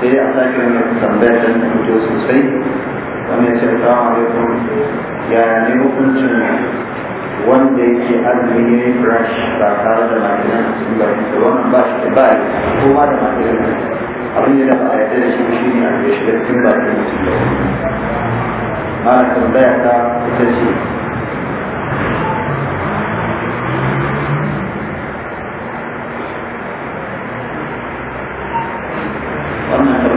sai dai a sake wani tambaya don ta sosai wani ya ce ya ne hukuncin wanda yake ya ba tare da makinan a da wani ba shi da ba yi ko ma da makinan abin da ba a yadda da shi shi ne a shiga cikin mutum ba a tambaya ta ita ce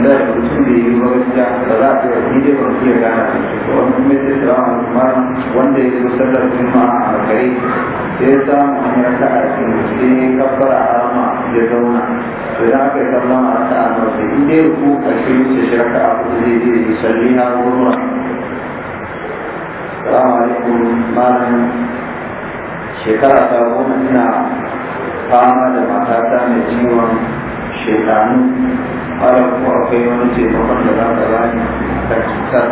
tambaya da mutum da yi wani da ba za ta yi da ba su ya gana wani kuma ya tsira wa musamman wanda ya zo sallar kuma a kare ya samu an ya a cikin ya kafara harama ya zauna to ya kai kallon a sa a masu inda ya ku ƙarshe wuce shirka a kudu zai je ya salli na gurma. Salamu alaikum malam shekara ta goma ina fama da matata mai ciwon shekaru malam kuma akwai wani taimakon da za ba ni kan cutar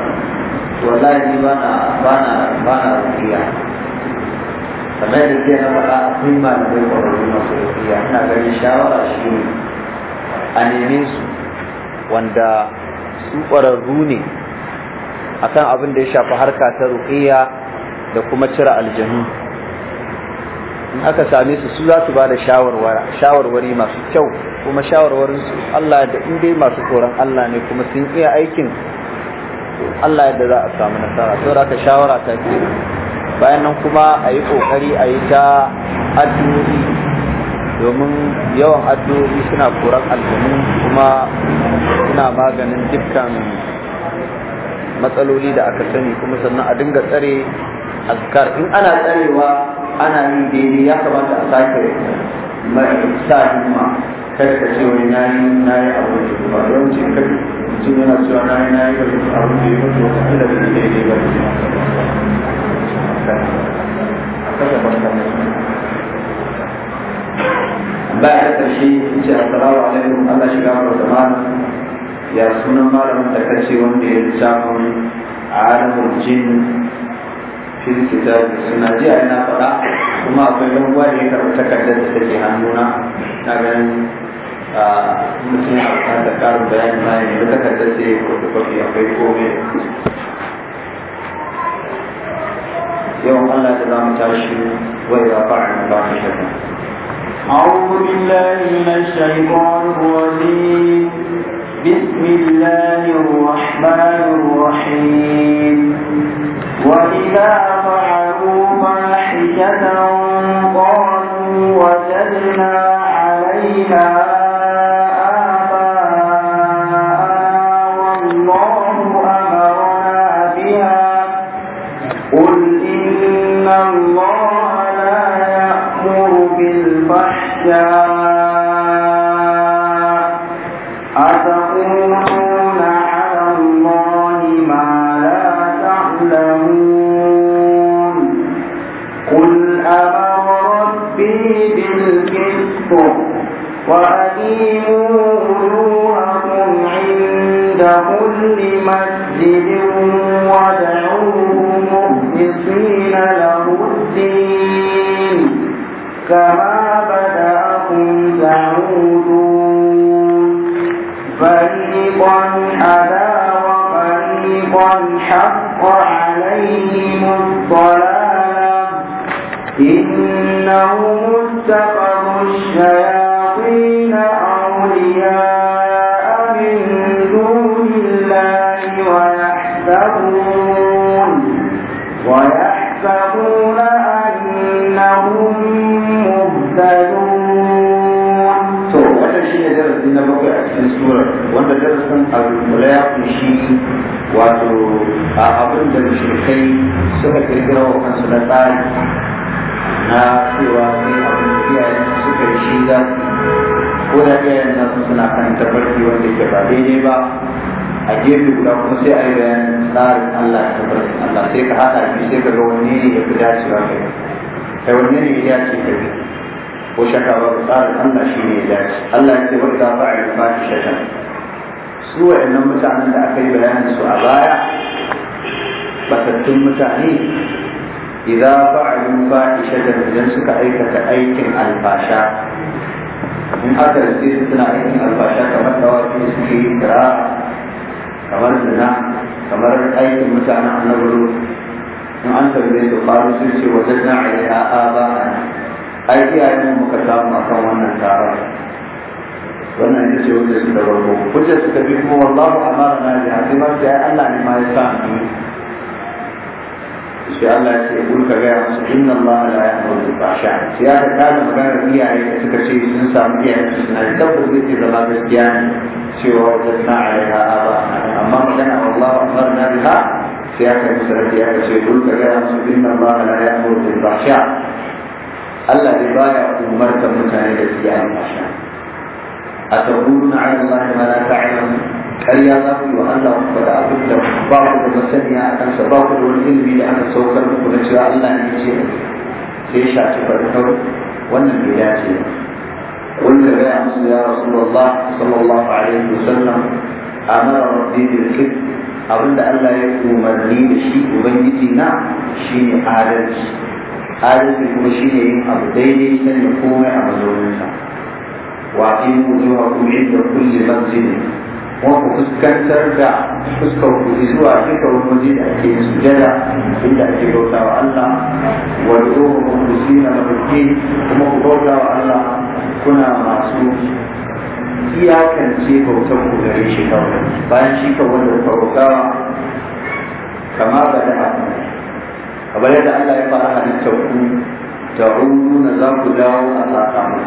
wallahi ba na ba na ba na rukiya kamar da ke na faɗa akwai malamai na masu rukiya ina ganin shawara shi ne a neme su wanda su ƙwararru ne akan abin da ya shafi harka ta rukiya da kuma cire aljanu in aka same su su za su ba da shawarwari masu kyau kuma shawarwarin Allah da in dai masu tsoron Allah ne kuma sun iya aikin Allah yadda za a samu nasara sau da aka shawara ta ke bayan nan kuma a yi kokari a yi ta addu'o'i domin yawan addu'o'i suna koran aljanu kuma suna maganin dukkan matsaloli da aka sani kuma sannan a dinga tsare azkar in ana tsarewa ana yi daidai ya kamata a sake mai sa himma kar ka ce wani na yi na yi abu da ba yawanci kai mutum yana cewa na yi na yi da abu da ya mutu wata kila bai daidai ba a kasa barka ba ya ƙarshe ce assalamu alaikum Allah shiga wa zamana ya sunan malamin da kace wanda ya samu alamul jin cikin kitabu suna jiya na faɗa kuma akwai ɗan uwa da ya karɓi takardar da take hannuna na ganin mutum ya buƙatar ƙarin bayani ma yanzu takardar sai ko da kwafi akwai komai يوم الله تبارك وتعالى وإذا فعلنا فاحشة أعوذ بالله من الشيطان الرجيم بسم الله الرحمن الرحيم وإذا فعلوا فاحشة قالوا وجدنا عليها إنه مستقى وادعوه مخلصين له الدين كما بدأكم تعودون فريقا وفريقا حق عليهم a abin da mushrikai suka kirkira wa kansu na tsari na cewa sai abin da iyayen suka yi shi za su ko da iyayen za su suna kan tabbarki wanda ke ba daidai ba a gefe guda kuma sai a yi bayanin tsarin Allah da tafarki Allah sai ka haɗa shi sai ka ga wanne ne ya fi dacewa kai kai wanne ne ya dace kai ko shaka ba tsarin Allah shi ne ya dace Allah ya ce wa idza fa'a al-fahishatan su wa'annan mutanen da aka yi bayanin su a baya batattun mutane idan ba a yi fa'alu fa'ishatan idan suka aikata aikin albasha, in aka rufe su suna aikin albasha kamar dawaki suke yi kira kamar zina kamar aikin mutanen annabaru in an tambaye su faru sun ce wajen na alaiha a ba ai iyayen muka samu akan wannan taron wannan ita ce wanda suka farko hujjar suka bi kuma wallahu amara na biha sai ya yi Allah ne ma ya sa mu sai Allah ya ce kun ka gaya musu inna Allah la yahmuru bil fahsha sai ya ka magana iyaye da suka ce sun samu iyaye da tabbas zai zama gaskiya cewa wajen na alaiha aba amma magana Allah akbar na biha sai ya ka musu rafi ya ce kun ka gaya musu inna Allah la yahmuru bil fahsha Allah bai baya umartar mutane da su yi alfasha a tabbuna ala Allah ma la ta'lamu ƙarya za ku yi wa Allah ku faɗa abin da ba ku da masaniya a kansa ba ku da wani ilimi da aka saukar muku na cewa Allah ne ce sai shafi farko wannan bai dace قل يا مسلم يا رسول الله صلى الله عليه وسلم أمر ربي بالكذب abinda Allah ya umarni da shi Ubangiji na shi ne adalci adalci kuma shine yin abu daidai sanya komai a mazauninsa wa in wujuhakum inda kulli masjidin kuma ku fuskantar da fuskar ku zuwa duka wani da ake sujada inda ake bauta wa Allah wa zuwa mukhlisina lahu kuma ku bauta wa Allah kuna masu iyakance bautar ku gare shi kawai bayan shi ka wanda ku bautawa kama ba da kamar yadda Allah ya fara halitta ku da na za ku dawo a sakamako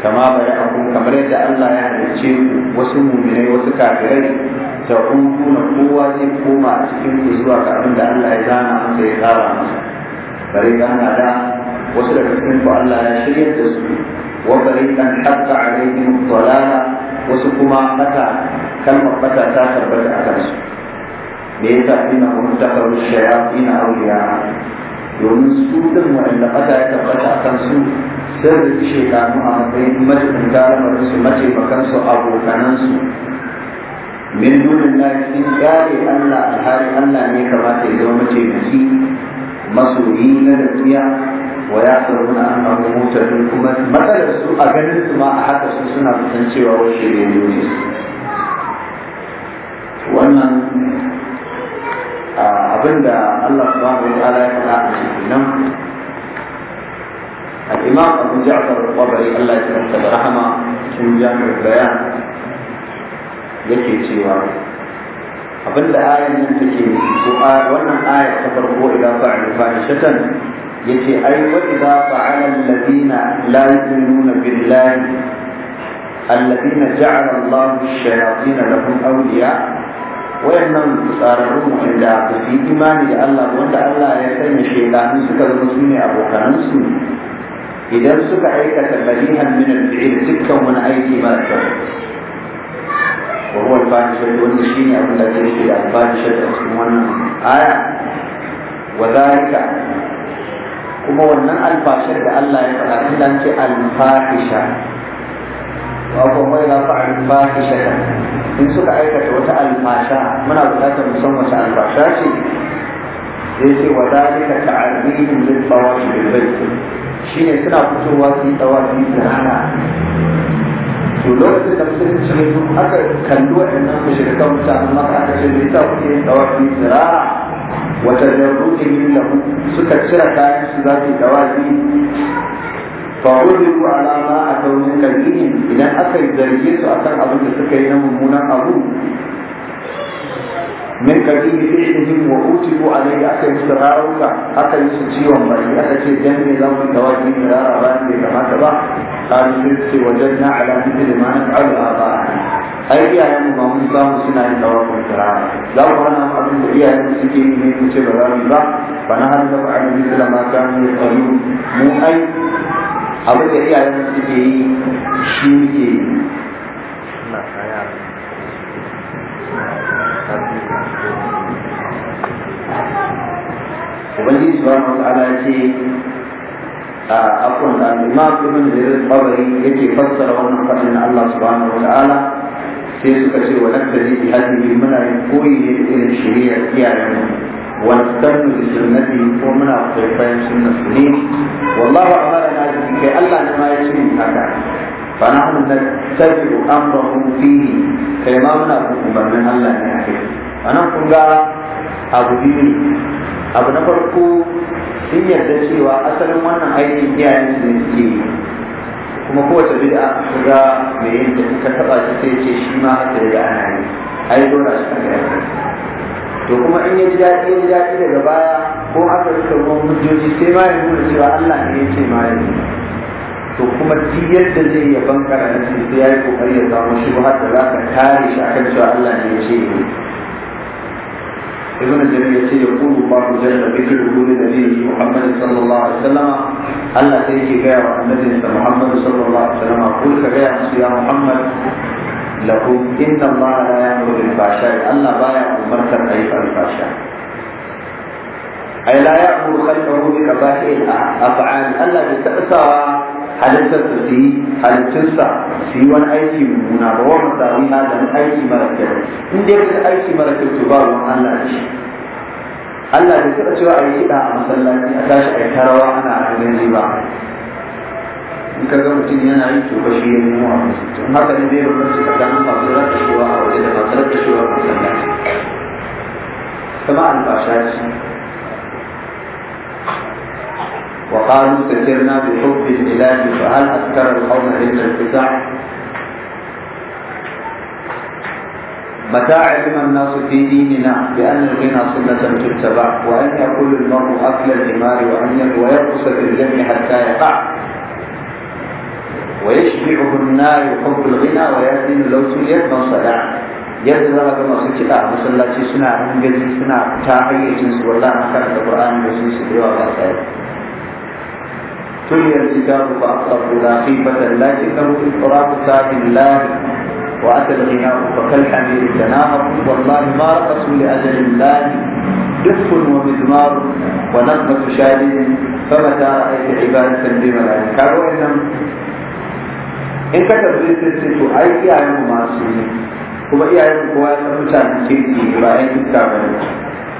kama ya abu kamar yadda Allah ya halicce ku wasu muminai wasu kafirai da na kowa zai koma a cikin ku zuwa ga abin da Allah ya zana masa ya tsara masa bari gana da wasu daga cikin ku Allah ya shirya da su wa bari kan a alaihim dalala wasu kuma mata kalmar mata ta tabbata a kansu me yasa ina mun takaru shayatin awliya domin su din wanda mata ya tabbata a su sai da su shekaru a matsayin majalisar galamar su mataimakan su abokanan su min nunin na cikin tsari Allah alhari Allah ne kamata ya zama mataimaki masoyi na duniya wa ya sauru na an abu mutane kuma matsalar su a ganin su ma a haka su suna kusancewa wa shirye ne wannan abinda Allah subhanahu wa ta'ala ya faɗa a cikin nan الإمام أبو جعفر الطبري الله يتمتع برحمه في مجامع البيان يكفي سوى أبن الآية من تكي سؤال وأن الآية تفرقوا إلى فعلوا فاحشة يكي أي وإذا فعل الذين لا يؤمنون بالله الذين جعل الله الشياطين لهم أولياء وإنهم يصارعون عند في إيمان الله وأن الله يسلم الشيطان سكر المسلمين أبو كان مسلم idan suka aikata barihan min al-fi'l dukkan wani aiki ba kyau wa huwa al-fahisha wanda shine abin da ke shi da al-fahisha da cikin wannan aya wa zalika kuma wannan alfashar da Allah ya faɗa in an ce al-fahisha wa ko mai la fa'al fahisha in suka aikata wata alfasha muna buƙatar mu san wata alfasha ce sai ce wa zalika ta'arrihum lil-fawahish bil-bayt shi ne suna fitowa su yi tsawa su yi tsirara to lokacin da musulunci ne su aka kalli shiga kan mutanen amma aka ce me yasa kuke yi tsawa su yi tsirara wata jarruke yin lahu suka cire kayan su za su yi tsawa su yi fa'udu ala ma a taunin kalini idan aka yi zarge su akan abin da suka yi na mummunan abu Mai kalbi ne sai da yin wa'uti ko alai aka yi su rarauka aka yi su ciwon bari aka ce dan ne za mu dawa ki ne rara ba ne kamata ba kalu sai ce wajen na ala mithli ma na ala ba ai iyayen mu ba mun samu suna yin dawa ko rara za ku hana mu abin da iyayen mu suke yi ne mu ce ba za mu ba fa na hannu ba an yi ma kanu ya kalu mu ai abin da iyayen mu suke yi shi ne ubangiji subhanahu wataala ya ce a afwan da imam ibn jarir tabari yake fassara wannan fadin Allah subhanahu wataala sai suka ce wa naktazi bi hadhihi muna yin koyi ne da irin shari'a iyayen wa nastannu bi sunnati ko muna kwaikwayon sunnar ne wallahu amarna bi kai Allah ne ma ya ce haka فنحن نتبع امره فيه كما من امرنا الله نحكي فنحن قال abu biyu abu na farko sun yarda cewa asalin wannan aikin iyayen su ne suke yi kuma kowace bid'a kun ga mai yin da suka taba shi sai ce shi ma haka da ana yi ai dole shi kan yarda to kuma in ya ji daɗi ya ji daɗi daga baya ko aka rika ruwan hujjoji sai ma ya nuna cewa Allah ne ya ce ma ya to kuma duk yadda zai ya bankara na sai ya yi kokari ya samu shi ba har da za ka kare shi akan cewa Allah ne ya ce ya ابن الجميع يقول الله جل ذكر وجود النبي محمد صلى الله عليه وسلم ألا تيجي بيع النبي محمد صلى الله عليه وسلم قل كبيع يا محمد لكم إن الله لا يأمر بالفحشاء ألا بايع مرتب أي الفحشاء أي لا يأمر خلفه بكبائر الأفعال ألا بتاثر halittar su su yi halittunsa su yi wani aiki mummuna ba wa masawi na da aiki mara kyau in dai ka aiki mara kyau to ba ruwan Allah da shi Allah bai taɓa cewa a yi kiɗa a masallaci a tashi a yi tarawa ana agaji ba in ka ga mutum yana yi to ba shi ya nemo a masallaci in haka ne zai rubuta tsakanin masu rattashewa a waje da masu rattashewa a masallaci sama albasha ce وقالوا سكرنا بحب الإله فهل أذكر القوم إلا الفزع متاع علم الناس في ديننا بأن الغنى سنة تتبع وأن يأكل المرء أكل الحمار وأن ويرقص في الجنة حتى يقع ويشبعه النار حب الغنى ويأتي لو سليت من صدع yadda za ka masu kiɗa a masallaci suna gaji suna ta hayyacinsu القرآن an karanta Qur'ani da سري الكتاب فأكثر لا خيبة لكنه في الفراق ساك الله وأتى الغناء فكالحمير تناهض والله ما رقصوا لأجل الله دف ومزمار ونغمة شادد فمتى رأيت عبادة بما لا in ka tabbata sai sai to أي iyayen mu masu ne kuma iyayen kowa ya san mutane kirki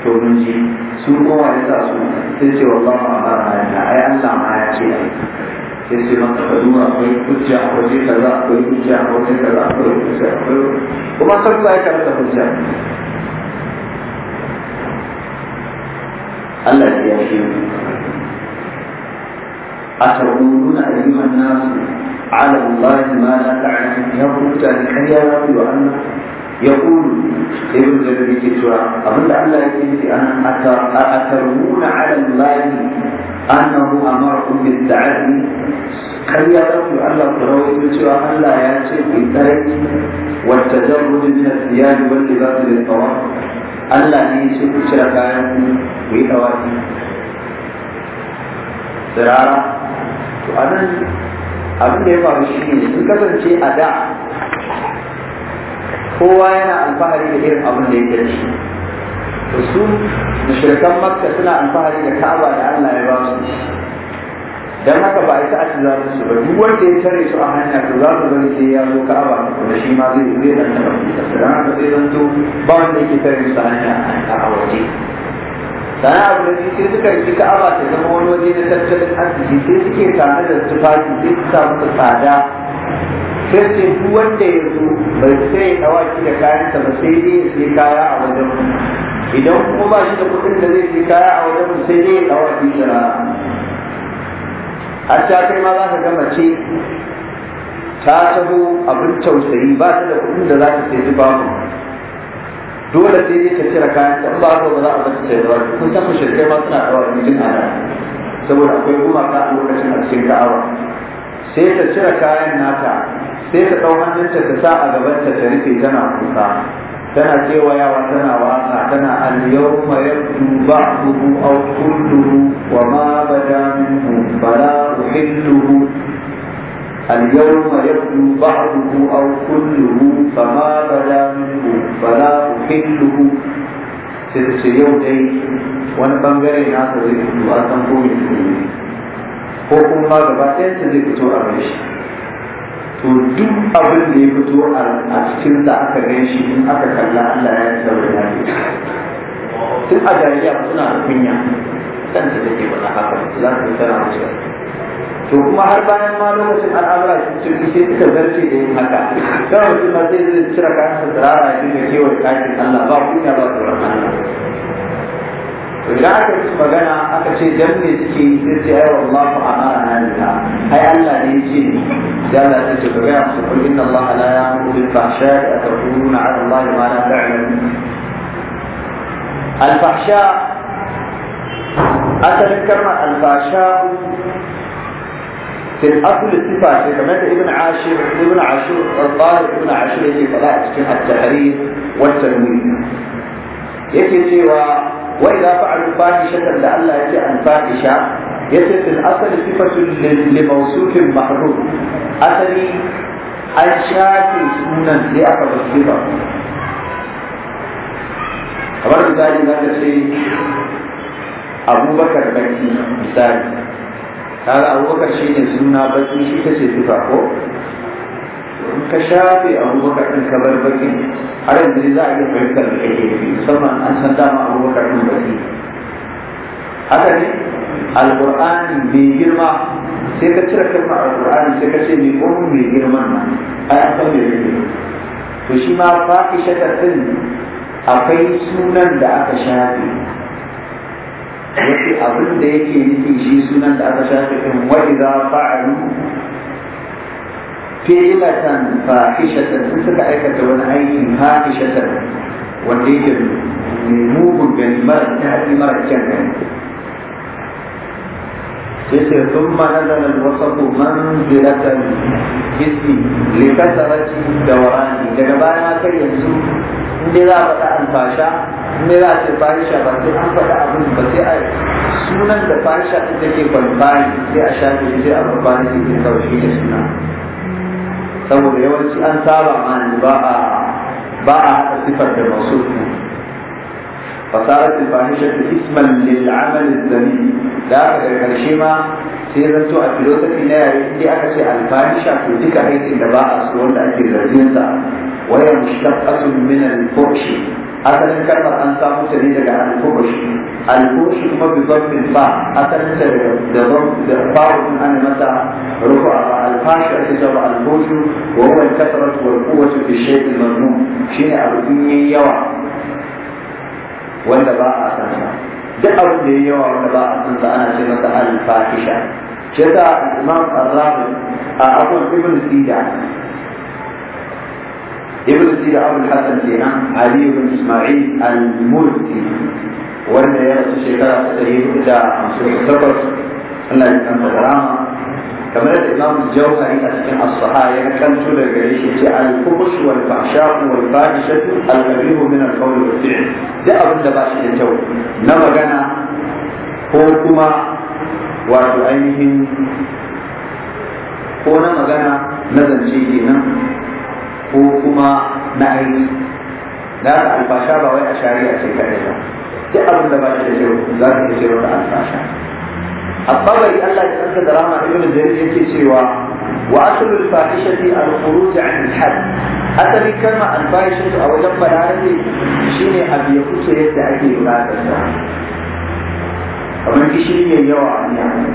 to mun ji su kowa ya sa su sai ce ba a ayata ai Allah ma ya ce ai sai sai maka ka duba akwai hujja akwai kaza akwai hujja akwai kaza akwai hujja akwai kuma ba ya karanta hujja Allah ya a أتقولون أيها الناس على الله ما لا تعلمون يا قلت ni kariya ya kuru irin da da ke cewa abin da Allah ya ce an atarmuna ala Allah annahu amarakum bil ta'ati kan ya ba ku Allah ku rawaito cewa Allah ya ce ki tsare wa tadarrud min al-thiyab wal libas lil tawaf Allah ne ya ce ku tsara kayan ku ku yi tawafi sirara to anan abin da ya faru shine sun kasance a da kowa yana alfahari da irin abin da yake da shi su mashirkan makka suna alfahari da ka'aba da Allah ya ba su Don haka ba ita a za su ba duk wanda ya tare su a hanya to za su bari sai ya zo ka'aba da shi ma zai zai zan taba su dan haka zai zanto ba wanda yake tare su a hanya a waje sana abu da sai suka yi ka'aba ta zama wani waje na tattalin arziki sai suke tare da tufafi sai su samu tsada sai ce duk wanda ya zo bai sai ya dawa shi da kayansa ba sai dai sai kaya a wajen idan kuma ba shi da kuɗin da zai sai kaya a wajen sai dai ya dawa shi da har ta kai ma za ka ga mace ta taho abin tausayi ba ta da kuɗin da za ta sai ji babu dole sai dai ta cire kayan ta ba ko ba za a bata sai da kun san mushrikai ma suna dawa da mijin ana saboda akwai gumaka a lokacin a cikin da'awa sai ta cire kayan nata sai ta ɗau hannunta ta sa a gabanta ta rufe tana kusa tana kewayawa tana wasa tana al-yawma duba ba'duhu aw kulluhu wa ma bada minhu bala uhilluhu اليوم يبدو بعضه أو كله فما بدا minhu bala uhilluhu sai ta ce yau dai wani bangare na ta zai fito a san komai ko kuma gaba ɗayan ta zai fito a mai shi to duk abin da ya fito a cikin da aka gan shi in aka kalla Allah ya tsaro ya ce tun a jariya suna da kunya kan ta take ba haka za su tana wuce to kuma har bayan ma lokacin al'amura sun ci sai suka zarce da yin haka kawai su ma sai zai cire kayan sa tsirara ya dinga kewar kakin Allah ba kunya ba tsoron Allah idan aka yi magana aka ce dan me suke yi sai sai ayyuka Allah fa amara halina ai Allah ne yake da Allah ya ce ka ga musu qul inna Allah la ya'muru bil fahsha'i ataquluna 'ala Allah ma la ta'lamun al fahsha asalin kalmar al fahsha في الاصل الصفه كما ابن عاشر ابن عاشور الظاهر ابن عاشور يجي فلا في التحرير والتنوير يجي سوى wa idza fa'alu fahishatan da Allah yake an fahisha yace fil asali sifatun li mawsufin mahruf asali an shafe sunan sai aka bar sifa kamar misali za ka ce abubakar baki misali kaga abubakar shi ta ce ko in ka shafe abubakar ɗin ka bar baki har yanzu za a iya fahimtar da kake yi musamman an san dama abubakar ɗin baki haka ne alƙur'ani mai girma sai ka cire kalmar alƙur'ani sai ka ce mai ƙorin mai girman nan ai an san mai girma to shi ma fa'isha ta ɗin akwai sunan da aka shafe wasu abin da yake nufin shi sunan da aka shafe ɗin wa'iza fa'alu كلمة فاحشة أنت تعرف تقول أي فاحشة وليت الموب بين مرة تهدي مرة كنة ثم نزل الوسط منزلة الجسم لكثرة دوران جنبان ما كان ينسو ملا بتاع الفاشا ملا تفاحشة بس أنا بتاع أبن بس أي سونا تفاحشة تجيب الفاحشة أشاد يجيب الفاحشة تجيب الفاحشة saboda yawanci an saba ma ne haɗa sifar da masu ne fasarar tilfahishar da isman lil'amal zami da aka daga karshe ma sai zan to a filosofi na yare inda aka ce alfahisha to duka da ba a so wanda ake zargin sa wayan shaqqatun min al-fushi حتى تكرر ان صار شديد على الفرش الفرش هو بضرب الفاء حتى بضرب الفاء ان متى رفع الفاشع تجرى الفرش وهو الكثرة والقوة في الشيء المذموم شيء عبدي يوعى ولا باع اسمها دعوا لي يوعى ولا باع اسمها انا شيء الفاحشة جزاء الامام الراغب ابو ابن سيدان ibn sira abul hasan kenan ali ibn isma'il al-murti wanda ya rasu shekara ta ɗari hudu da da takwas jauhari a cikin as-saha ya kanto daga gare shi ce da kyau na magana na zance kenan ko kuma na aiki na ka albasha ba wai a shari'a ce ka isa duk abin da ba shi da kyau za ka iya cewa da albasha abba bai Allah ya tsarka da rahama ibn jarir yake cewa وأصل الفاحشة الخروج عن الحد أصل كلمة الفاحشة أو جنب العربي شيني أبي يقص يدعي بعد الساعة ومن شيني يوعى يعني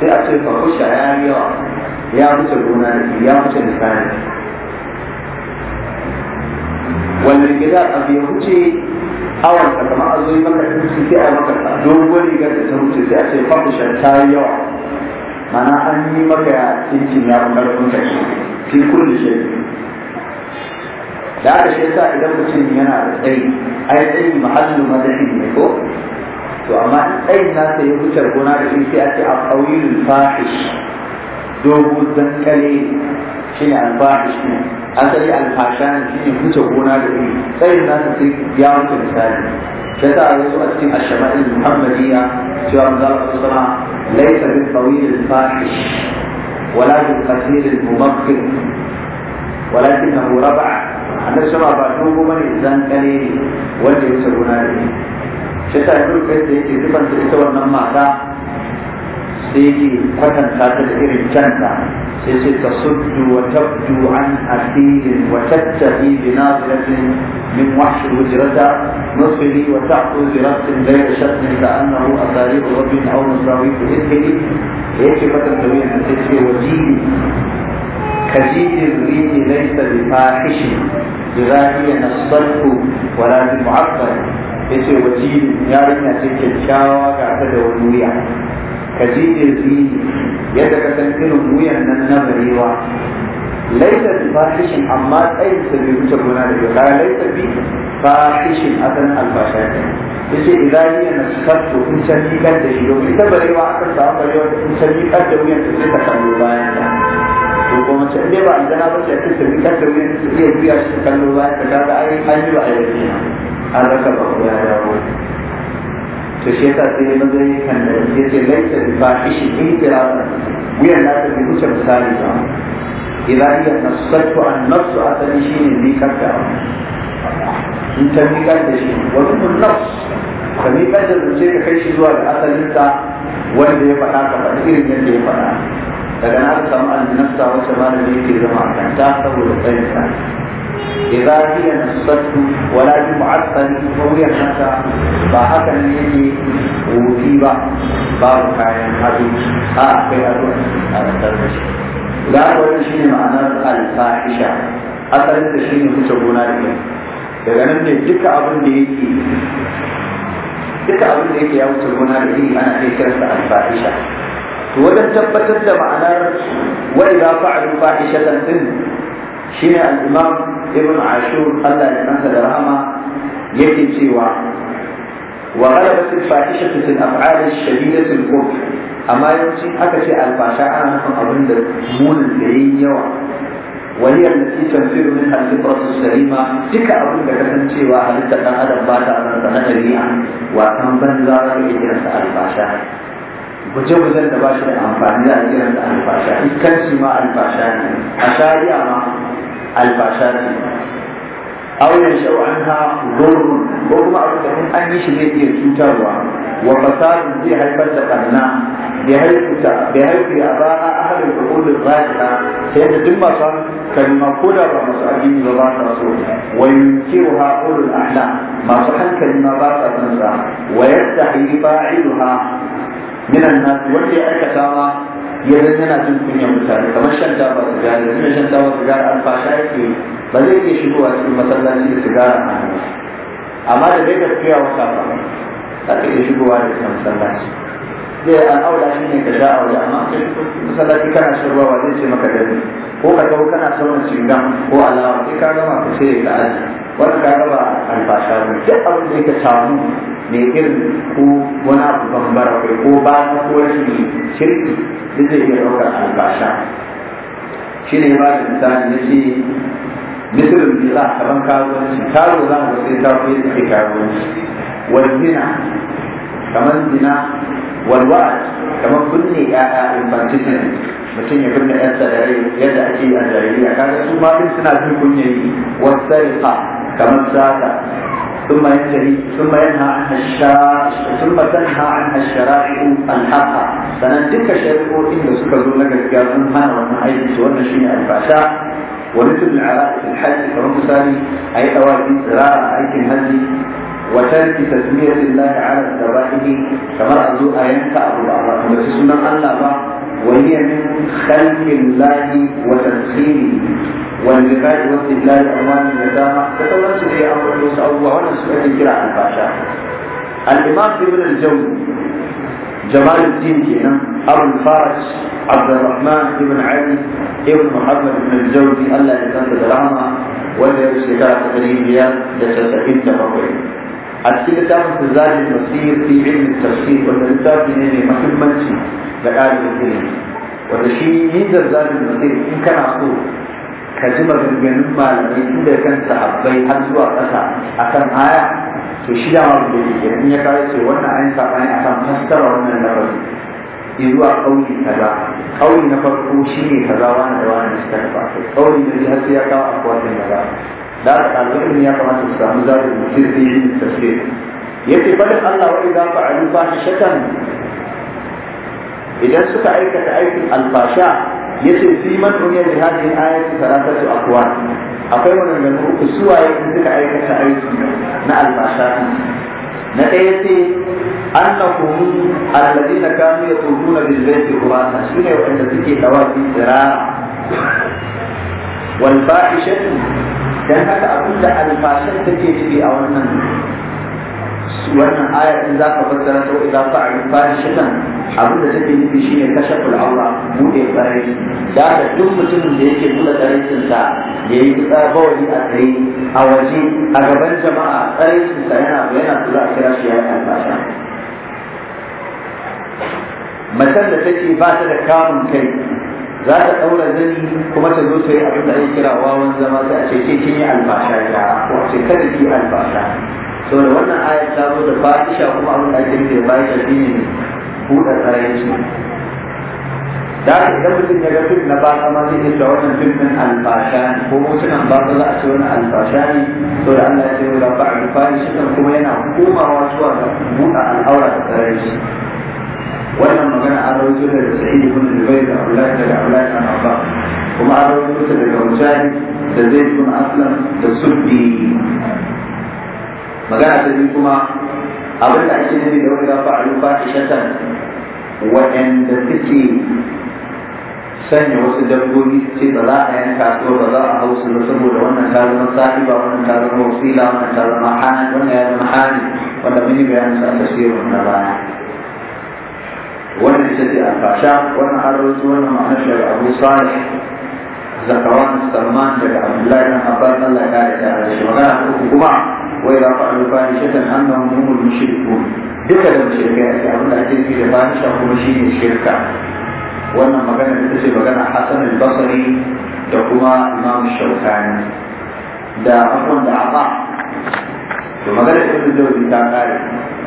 في أصل فخش يا يوعى يا متبونا يا متبونا wannan gida abu ya wuce awon ka kama a zoyi maka kuci sai a maka ta dogon rigar da ta wuce sai a ce fafishan ta yi yawa mana an yi maka cikin ya fi ƙarfin ka fi kulli shi da aka shi yasa idan mutum yana da tsayi ai tsayi mahallu shi ne ko to amma na nasa ya wutar gona da shi sai a ce a ƙauyilul fahish zankale shine alfahish ne asali alfasha ne shine wuce gona da iri tsayin nasu sai ya wuce misali shi yasa ya zo a cikin ashama'il muhammadiyya cewa manzara su sana laisa bin tawil alfahish wala bin kasir almumakkir ولكنه ربع أن السماء بعثوه من إنسان كليل wanda ya tsaro na da ni shi ta yi kai da yake zuban da ita wannan mata sai yake kwatanta ta da irin canta التي تصد وتبدو عن أخيه وتتقي بناظرة من وحش الوجرة نصفه وتعطو برأس غير شأن كأنه أقارب رب أو مساوي في إثره إيش فتن طويل عن إثره وجيل كجيل الريح ليس بفاحش بغاية الصرف ولا بمعقد إيش وجيل يارك نسيك الشاوة كعتد والمريح ka ji kirji yadda ka san irin wuyan nan na barewa Laita bi fahishin amma tsayin sa bai wuce gona da yau kaga laisa bi fahishin asalin albasha ne yace idan ya nasarto in san miƙar da shi yau ita barewa akan samu barewa da in yi kan da wuyan su sai kallo bayan ta to kuma ce in dai ba aljana ba ce ta san kan da wuyan ta iya wuya su ta kallo bayan ta kaga ai an yi ba a yi a rasa ba ya dawo to shi yasa sai mun zai kan da ya ce laisa bi fahishin ikirara wuyan nasa bi wuce misali ba idan iya nasatu an nasu asali shi ne mikar da in ta mikar da shi wani mun nasu ka mikar da zuce ka kai shi zuwa ga asalinsa wanda ya faɗa ka faɗi irin yadda ya faɗa daga na samu an nasta wacce malami yake zama a kanta saboda tsayinsa إذا هي نصبت ولا معطل فهي حتى ضاحك الذي أصيب باب كائن هذه آخر الرسالة لا ولا معنى الفاحشة أصل الشيء تقولون عليه daga shi ne duka abin da yake duka abin da yake ya wuce gona da iri ana kai kansa alfahisha to wajen tabbatar da ma'anar wa idza fa'alu fahishatan shine ne imam ibn ashur Allah ya nasa da rahama yake cewa wa ghalabat al-fahishatu fil af'al ash-shadidati al amma yawanci aka ce alfasha ana nufin abin da munin da yi yawa وهي التي تنفر منها الفطرة السليمة تلك أقول لك تنسيوا أهل التقى أدب بعد أن تنجميع وأن بن ذلك إجرس da وجوز الدباشر أنفعني لا إجرس الفاشا ma كان ne a shari'a ma. alfasha ne auyan shau an ha zurrun ko kuma abu da an yi shi zai iya cutarwa wa fasadun zai haifar da ɓarna bai haifi a ba a ahalin ƙulun rajina ta yadda duk masu kalma ko da ba masu addini ba ba sa so wa yunkiru ha ulul ahla masu hankali ma ba sa son sa wa yadda hayi ba'iluha minan nas wanda ya aikata ma ya yana jin kunyar mutane kamar shan taba sigara da shan taba sigara alfasha yake ba zai iya shigowa cikin masallaci da sigara a hannu amma da dai gaskiya wata ba za ka iya shigowa da cikin masallaci zai an aula shi ne ka sha aula amma masallaci kana shan ba zai ce maka dadi ko ka tau kana sauna cingam ko alawa sai ka gama ka sai ka aji wani ka gaba albasha ne duk abin da ka samu mai irin ko wani abu bambara kai ko ba ka ko rashin shirki duk zai iya ɗaukar albasha shi ne ba da misali na shi misalin da za a kaban karuwanci karo za mu sai karuwanci sai karuwanci wani zina kamar zina walwa kamar kunne ya'ya infanticity mutum ya binne yan sadare yadda ake yi a jahiliya kaga su ma din suna jin kunye wasariqa kamar sata sun ينتهي ثم ينهى عنها الشرائع ثم تنهى عنها الشرائع الحقة duka shari'o'in da suka zo na gaskiya sun hana wannan aiki su wannan shine albasha wa nufin al'ara'a fil hajji kamar misali a yi tsawaki tsirara a aikin hajji وترك تسمية الله على الذبائح كما أرجو أن أبو الله وتسمى الله وهي من خلق الله وتسخيره والنفاع واستدلال أمام الندامة تتوسل في أمر موسى الله ونسأل الكرة عن الباشا الإمام ابن الجوزي جمال الدين كينا أبو الفارس عبد الرحمن بن علي ابن محمد بن الجوزي الله يتنفذ العامة ولا يسلكها تقريبا لتسعين تفاقين a cikin littafin tazalin masir fi ilmin tafsir wanda littafi ne mai mahimmanci ga ɗalibin ilimi wanda shi yi zazzalin masir in kana so ka ji maganganun malamai tun da kan sahabbai har zuwa ƙasa akan aya to shi da ma bude ke in ya kawo ce wannan ayin sabani akan fassara wannan lafazi zuwa ƙauye, kaza ƙauye na farko shi ne kaza wani da wani suka tafi ƙauli na biyu har sai ya kawo akwatin kaza da ɗalibai ya kamata su samu zaɓi da kirki tafsir yake faɗin Allah wa idza fa'alu fahishatan idan suka aikata aikin alfasha yace fi man dunya bi hadhihi ayati salatatu aqwal akwai wannan uku suwaye suka aikata aiki na alfasha na ɗaya ce annahum alladina kanu yaquluna bil bayti qurana wanda suke dawafi wal dan haka abin da alfashar take ciki a wannan wannan ayar in za ka fassara ta idan fa a nan abin da take nufi shine kashaful aura bude bare da da duk mutumin da yake bude tsaraicin sa da yake tsabawali a tsaye a waje a gaban jama'a tsaraicin sa yana yana za a kira shi ya albasha matan da take ba ta da kamun kai za ta ɗaura zani kuma ta zo ta yi abin da ake kira wawan zama sai a ce ke kin yi albasha ta ko ce kada ki albasha to da wannan ayat ta zo da fahisha kuma abin da ake nufi da fahisha shi ne buɗe tsaraici da ka idan mutum ya ga fim na ba kama zai iya cewa wannan fim ɗin albasha ne ko mutunan ba za a ce wani albasha ne to da Allah ya ce wa ba a fahisha kuma yana komawa zuwa ga buɗe al'aura da tsaraici wannan magana an rawaito da sa'id ibn zubair da abdullahi daga abdullahi ibn abbas kuma an rawaito ta daga mujahid da zaid ibn aslam da suddi magana ta biyu kuma abin da ake nufi da wani gafa a rufa ishatan waɗanda suke sanya wasu dabbobi su ce ba za a yanka su ba za a hau su saboda wannan ta zama sahiba wannan ta zama wasila wannan ta zama hana wannan ya zama hani wanda mun yi bayanin sa a tasirin na baya wannan ita ce alfasha wannan an rawaito wannan ma'anar daga abu salih zakawan salman daga abdullahi dan abbas allah ya kare da shi magana uku kuma wai za ku alu fahishatan annahum humul mushrikun duka da mushrikai ake abin da ake nufi da fahisha kuma ne shirka wannan magana ita ce magana hasan al-basri da kuma imam shaukani da abubuwan da aba to magana ta ce da ta kare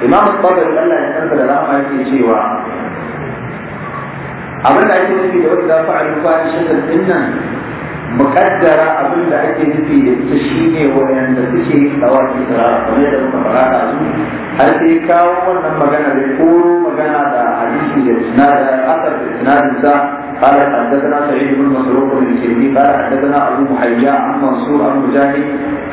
imam al-basri allah ya tsanta da rama yake cewa abin da ake nufi da wanda fa alfa shaddan din nan mukaddara abin da ake nufi da ita shine wayanda suke yin tsawaki tsara kamar da muka fara da su har sai kawo wannan magana da koro magana da hadisi da sinadar asar da sinadar sa قال حدثنا سعيد بن مسروق بن سيدي قال حدثنا ابو محيا عن منصور بن مجاهد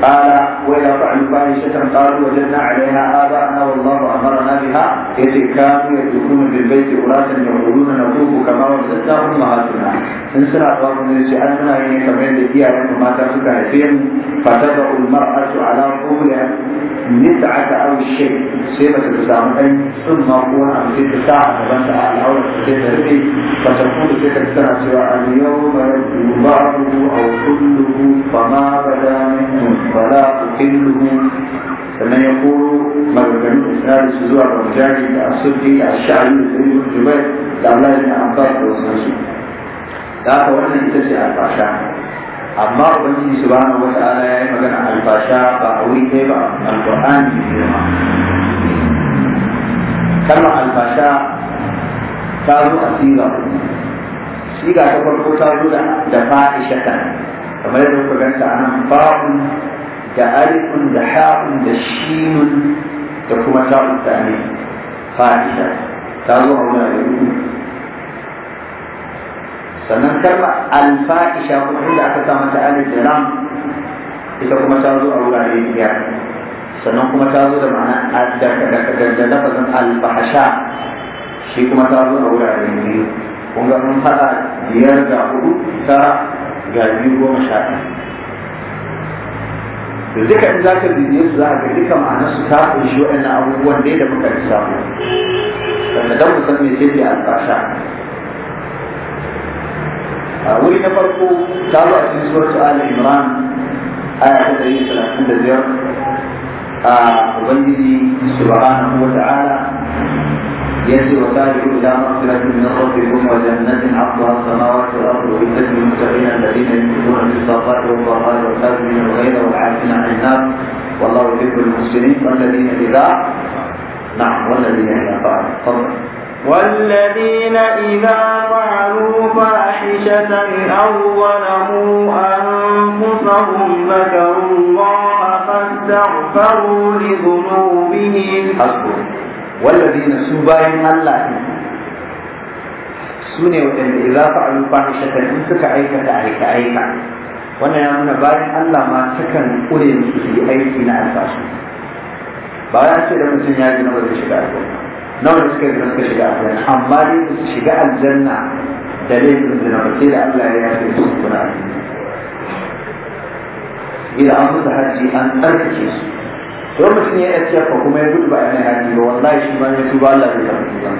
قال واذا فعلوا فاحشه قالوا وجدنا عليها اباءنا والله امرنا بها يتي كانوا يدخلون في البيت اناسا يقولون نطوف كما وجدناهم امهاتنا ان سنا من سعادنا ان كمان لكي انتم ما تفك حسين فتضع المراه على طول نزعه او الشيء سيبه الاسلام ثم قوها امسكت ساعه فبنت على فتكون فتقول تسعة اليوم يبدو بعضه أو كله فما بدا منه فلا أكله فمن يقول ما بين إسناد السزوع الرجالي السدي الشعبي سيد بن جبير لعبد الله بن عباس والسنسي لا فولنا أن تسع الفاشا أما أبنتي سبحانه وتعالى يا إما كان الفاشا فأوي تبع القرآن كما الفاشا كانوا أسيرا siga ta farko ta zo da fa'ishata kamar yadda kuka ganta anan fa'un da alifun da ha'un da shinun da kuma ta ne fa'isha ta zo a wurare sannan kalma alfa'isha kuma inda aka sa mata alif da ram ita kuma ta zo a wurare biyar sannan kuma ta zo da ma'ana da daga daga shi kuma ta zo a daga biyu kuma mun haɗa biyar ga hudu ta ga biyu goma sha ɗaya da duka in za ka bibiye su za ka duka ma'anar su ta kunshi waɗannan abubuwan dai da muka lissafa wanda don mu san mece ce alfasha a wuri na farko ta zo a cikin suratu ali imran aya ta ɗari talatin da biyar a ubangiji subhanahu wa ta'ala يهدي وسائل الى مغفره من ربكم وجنه عرضها السماوات والارض واعدت المتقين الذين ينفقون في الصدقات والطهارات والكاظمين الغيظ والعافين عن النار والله يحب المحسنين والذين اذا نعم والذين اذا فعلوا تفضل والذين إذا فعلوا فاحشة أو ظلموا أنفسهم ذكروا الله فاستغفروا لذنوبهم والذين سباين الله سوني وإن إذا فعلوا فاحشة in suka aikata أيكا أيكا wannan ya nuna bayan Allah ma takan ƙure su yi aiki na alfashi ba ya ce da mutum ya ji gina wanda shiga aljanna na wanda suka gina suka shiga aljanna amma dai su shiga aljanna da laifin zina ba sai da Allah ya yafe su kuna aljanna idan an musu hajji an tsarkake su don mutum ya ɗauki ko kuma ya gudu ba a mai ba wallahi shi ma ya tuba Allah zai samu tuba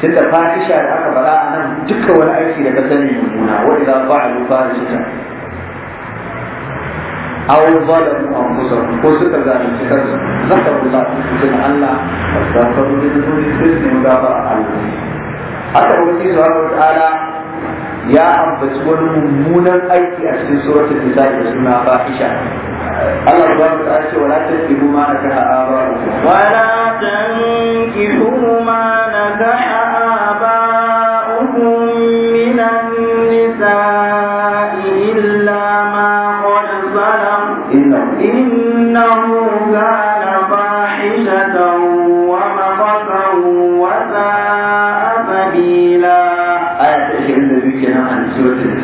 tun da fahisha da aka faɗa a nan duka wani aiki da ka sani mummuna wa idza fa'alu fahishatan aw zalamu anfusahum ko suka zalunci kansu zakaru Allah tun Allah fastaghfiru li dhunubihim wa a Allah Aka ubangiji zuwa wa ta'ala ya ambaci wani mummunan aiki a cikin suratul nisa da suna fahisha Allah ya ba ta ce wala tankihu ma nakaha na wala tankihu ma nakaha aba'ukum minan nisa illa ma qad zalam innahu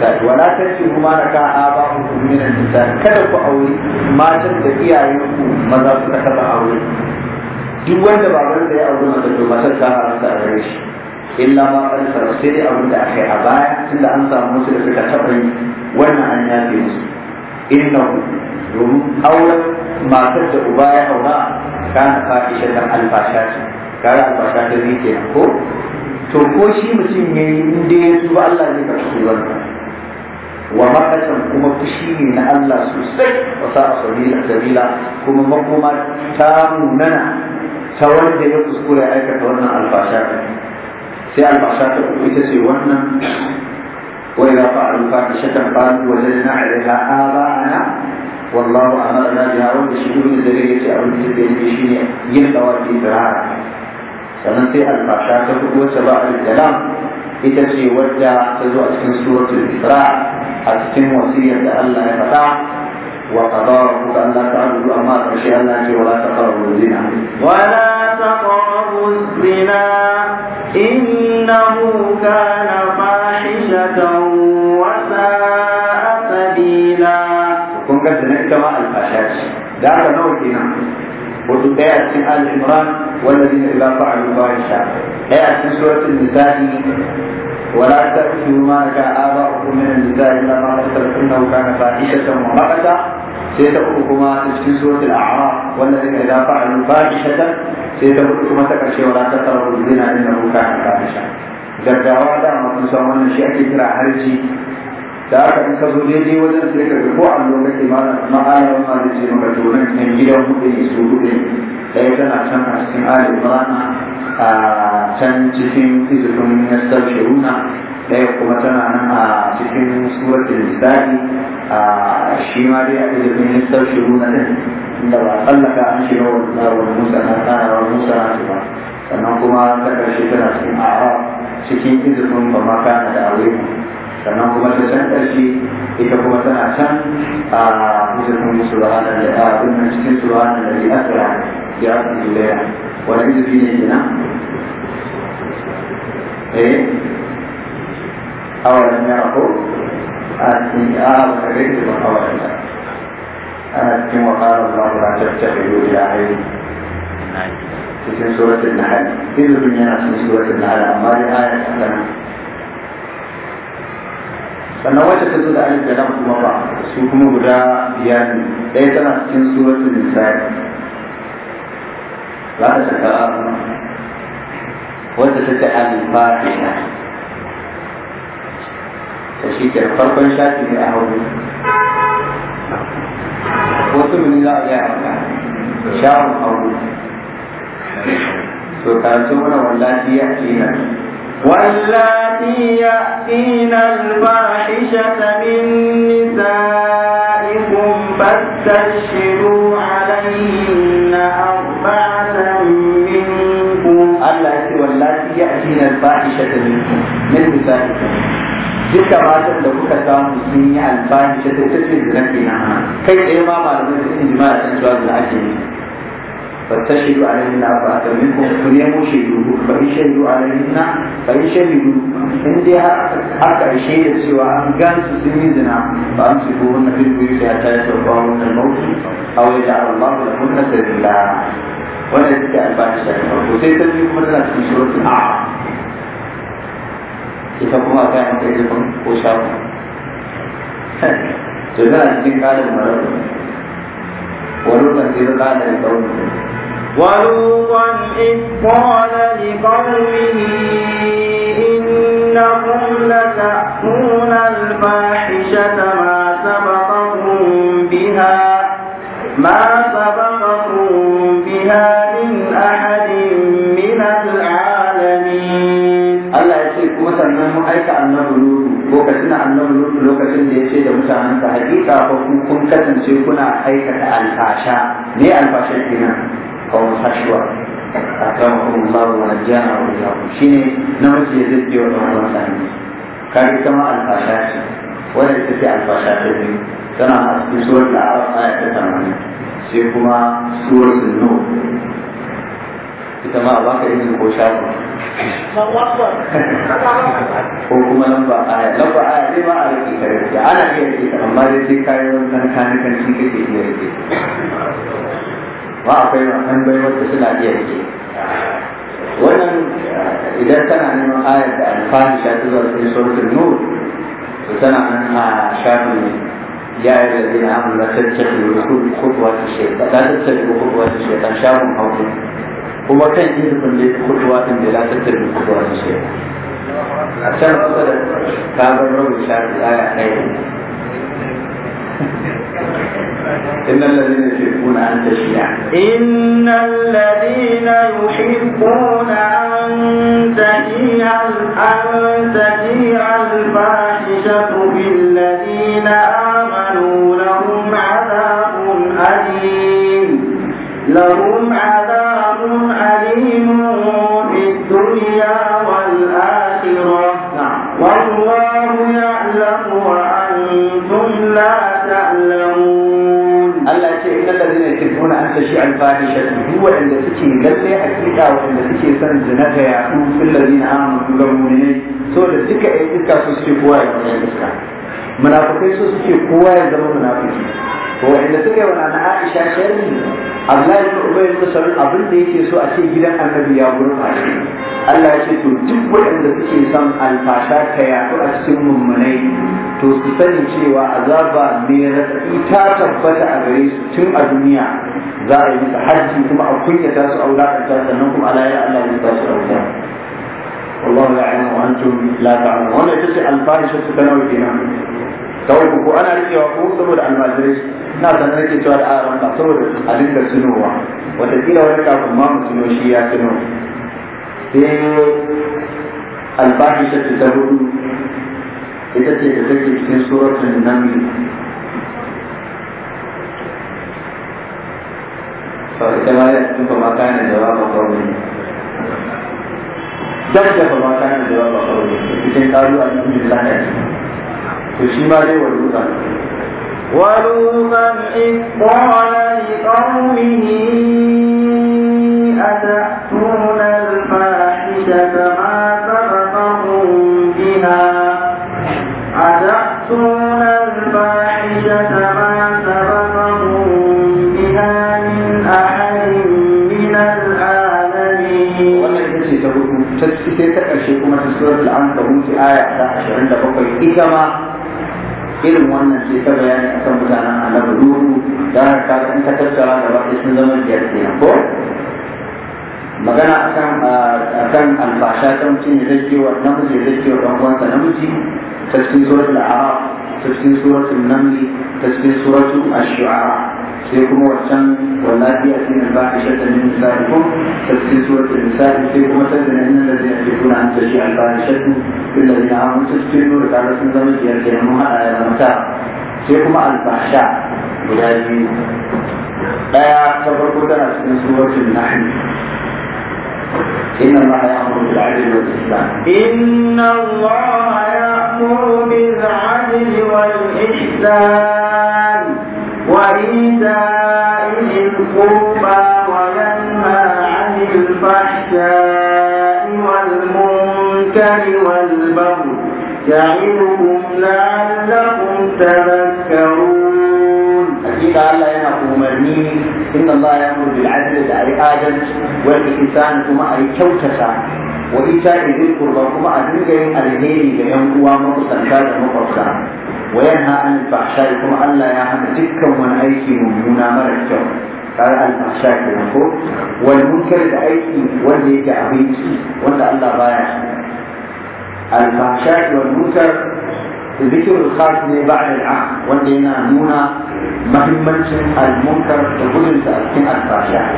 nisa wala tankihu ma raka aba'ukum min nisa kada ku aure matan da iyayenku maza suka taba aure duk wanda baban da ya aure masa to matar ta haramta a gare shi illa ma kan sai dai abin da aka yi a baya tunda an samu musu da suka taɓa yi wannan an yafe musu innahu domin auren matar da uba ya haura kana fahisha dan albasha ce kare albasha ta zai kenan ko to ko shi mutum ya yi inda ya tuba Allah zai karɓi tubarsa وما قسم كما تشيني من الله سوسي وصاع صليل أسبيلا كما مقوما تامنا تولد يقص كل عيكة ورنا الفاشاك سيع الفاشاك وإذا سيوانا وإذا فعلوا فاحشة قالوا وجدنا عليها آباءنا والله أمرنا بها وبشكل من ذريعة أو من ذريعة بشيني يلقى وردي فرعا فمن سيع الفاشاك وهو سباع الكلام ita ce wadda ta zo a cikin suratul isra a cikin wasiyar da Allah ya faɗa wa qada rabbuka an la ta'budu amma kashi Allah ce wala taqrabu zina wala taqrabu zina innahu kana fahishatan wa sa'a sabila kun ga zina ita ma alfasha ce da haka nawa kenan wato daya cikin al-imran والذين إذا فعلوا فاحشة أي في سورة النساء ولا تأتوا ما كان آباؤكم من النساء إلا ما قد إنه كان فاحشة ومقتا سيتقولكما في سورة الأعراف والذين إذا فعلوا فاحشة سيتقولكما تكشي ولا تقربوا الزنا إنه كان فاحشة gaggawa da masu sauran shi ake kira harci da aka in ka zo daidai wajen sai ka ko a kake ma ma ala wannan da ce maka to nan kan gidan hudu ne su hudu ne sai tana can a cikin ala a can cikin izinin nasar shiruna ɗaya kuma tana nan a cikin suratul nisa'i a shi ma dai a cikin nasar shiruna din inda ba tsallaka an shiga wa musa na tsara wa musa na ba sannan kuma ta karshe tana cikin a'a cikin izinin ba ma kana da aure sannan kuma ta can ƙarshe ita kuma tana can a mutum musu da hannun da a kunnan cikin su da ya asira ya asira da ya wani izufi ne kina eh awalan ya ko a cikin aku kare da ba awalan ya a cikin wakarar ba da tattabiru da ayi cikin suratul nahl izufin yana cikin suratul nahl amma da ayat tana sannan wacce ta zo da alif da lam kuma ba su kuma guda biyar ne ɗaya tana cikin suratul nisa'i za ta shiga wacce ba ke fatiha ta shi ke farkon shafi ne a hauri wasu mini za a gaya maka shafin hauri to karatu mana wallahi ya ce na واللاتي يأتين الفاحشة من نسائكم فاستشهدوا عليهن أربعة منكم اللاتي واللاتي يأتين الفاحشة منكم من نسائكم duk da ba da kuka samu sun yi alfahari ta tattalin zinafi na kai tsaye ma ba da mutum jima'a da zuwa ake yi فاستشهدوا عليهن أربعة منكم فليموا شهدوا فإن شهدوا عليهن فإن شهدوا إن دي أكا شيء سوى أن كان سنين زنا فأمسكوهن في البيوت حتى من الموت أو يجعل الله لهم سبيلا ولا تلك الفاحشة وسيتم مثلا في سورة الأعراف ita kuma ta yi ta ilimin ko shafa. Tunan ولوطا إذ قال لقومه ولوطا إذ قال لقومه إنكم لتأتون الفاحشة ما سبقكم بها ما سبقكم بها من أحد lokacin da ya ce da mutanen da hakika fa ku kun kasance kuna aikata alfasha ne alfasha kenan kawo fashuwa a kama kan Allah wa jana wa yaku shine namiji ya zai wa ɗan uwansa ne kare kama alfasha ce wannan ita ce alfasha ta biyu tana a cikin suwar da a ta tamanin sai kuma suwar sunu ita ma a baka izini ko shafi ko kuma nan ba lamba aya ba aya dai ba a rike ta gaskiya ana iya yi amma dai sai kayan yi kane kan shi kake iya rike ba akwai matan bai suna iya rike wannan eh, idan kana neman ayar da alfahisha ta zuwa cikin sautin nur to tana nan a shafin يا الذين امنوا لا تتبعوا خطوات الشيطان لا تتبعوا خطوات الشيطان شر او وما كان عندكم خطوات لا من خطوات الشيخ. عشان خاطر بعض الرجل مش الآية حقيقة إن الذين يحبون أن تشيع إن الذين يحبون أن تشيع أن تشيع الفاحشة بالذين آمنوا لهم عذاب أليم لهم alfahishatu duk waɗanda suke lalle hakika waɗanda suke son zina ta yaɗu fillazi na amanu ga mu'minai saboda duka ɗan iska su suke kowa ya zama iska munafukai so suke kowa ya zama munafiki to wanda suka yi wa Aisha Aisha sharri Abdullahi ibn yi ibn Salul abin da yake so a ce gidan Annabi ya gurfashi Allah ya ce to duk waɗanda suke son alfasha ta yaɗu a cikin mummunai to su sani cewa azaba mai raɗaɗi ta tabbata a gare su tun a duniya za a yi musu hajji kuma a kunyata su a wulaƙanta sannan kuma ala ya Allah ya su a wuta والله يعلم وانتم لا تعلمون. هنا تسال الفاحشه تنوي في نعمه. kawai ko ana rikewa ko saboda almajirai na san nake cewa da aron ba saboda a dinga tunowa wataƙila wani kafin ma mu tuno shi ya tuno sai alfahisha ta hudu ita ce da take cikin suratun naml فإذا ما يأتيك ما كان جواب قومه دجف ما كان جواب قومه لكن قالوا الحمد لله to shi ma dai wani mutane ولوطا إذ قال لقومه أتأتون الفاحشة ما سبقكم بها أتأتون الفاحشة ما سبقكم بها من أحد من العالمين. والتي تقول تسكت الشيخ مثل سورة العنكبوت آية 27 إذا ما irin wannan sai ta bayani akan mutanen annabi nuhu da haka in ka tattara da ɗaya sun zama biyar na ko magana akan akan alfasha ta mutum ya zai wa namiji ya zai wa ɗan uwansa namiji ta cikin suratul la'awa ta cikin suratul naml ta cikin suratul ash sai kuma wancan sai na cikin alfahisha ta misali ko ta cikin suratul nisa sai kuma ta da nan da zai ake kuna an tashi alfahisha الذين امنوا تسجنوا لقالوا سنزم الجيل كلمها مساء سيكما الفحشاء ولكن لا تفرقوا لنا في سورة النحل إن الله يأمر بالعدل والإحسان إن الله يأمر بالعدل والإحسان وإيتاء القربى وينهى عن الفحشاء والمنكر والبغي البر يعظكم لَعَلَّهُمْ تذكرون أكيد الله ينقوم مني إن الله يأمر بالعدل داري آدم والإحسان ثم أي كوتسا وإيتاء ذي القربى كما أدنك الهيري لأن هو مقصدا مقصدا وينهى عن الفحشاء كما ألا يحمل دكا من أيكي مبيونا مرة قال الفحشاء والمنكر الأيكي والذي تعبيكي وأن الله بايع الفحشاء والمنكر ذكر الخاتم بعد العام والدينا هنا مهمة المنكر تقول تأثير الفحشاء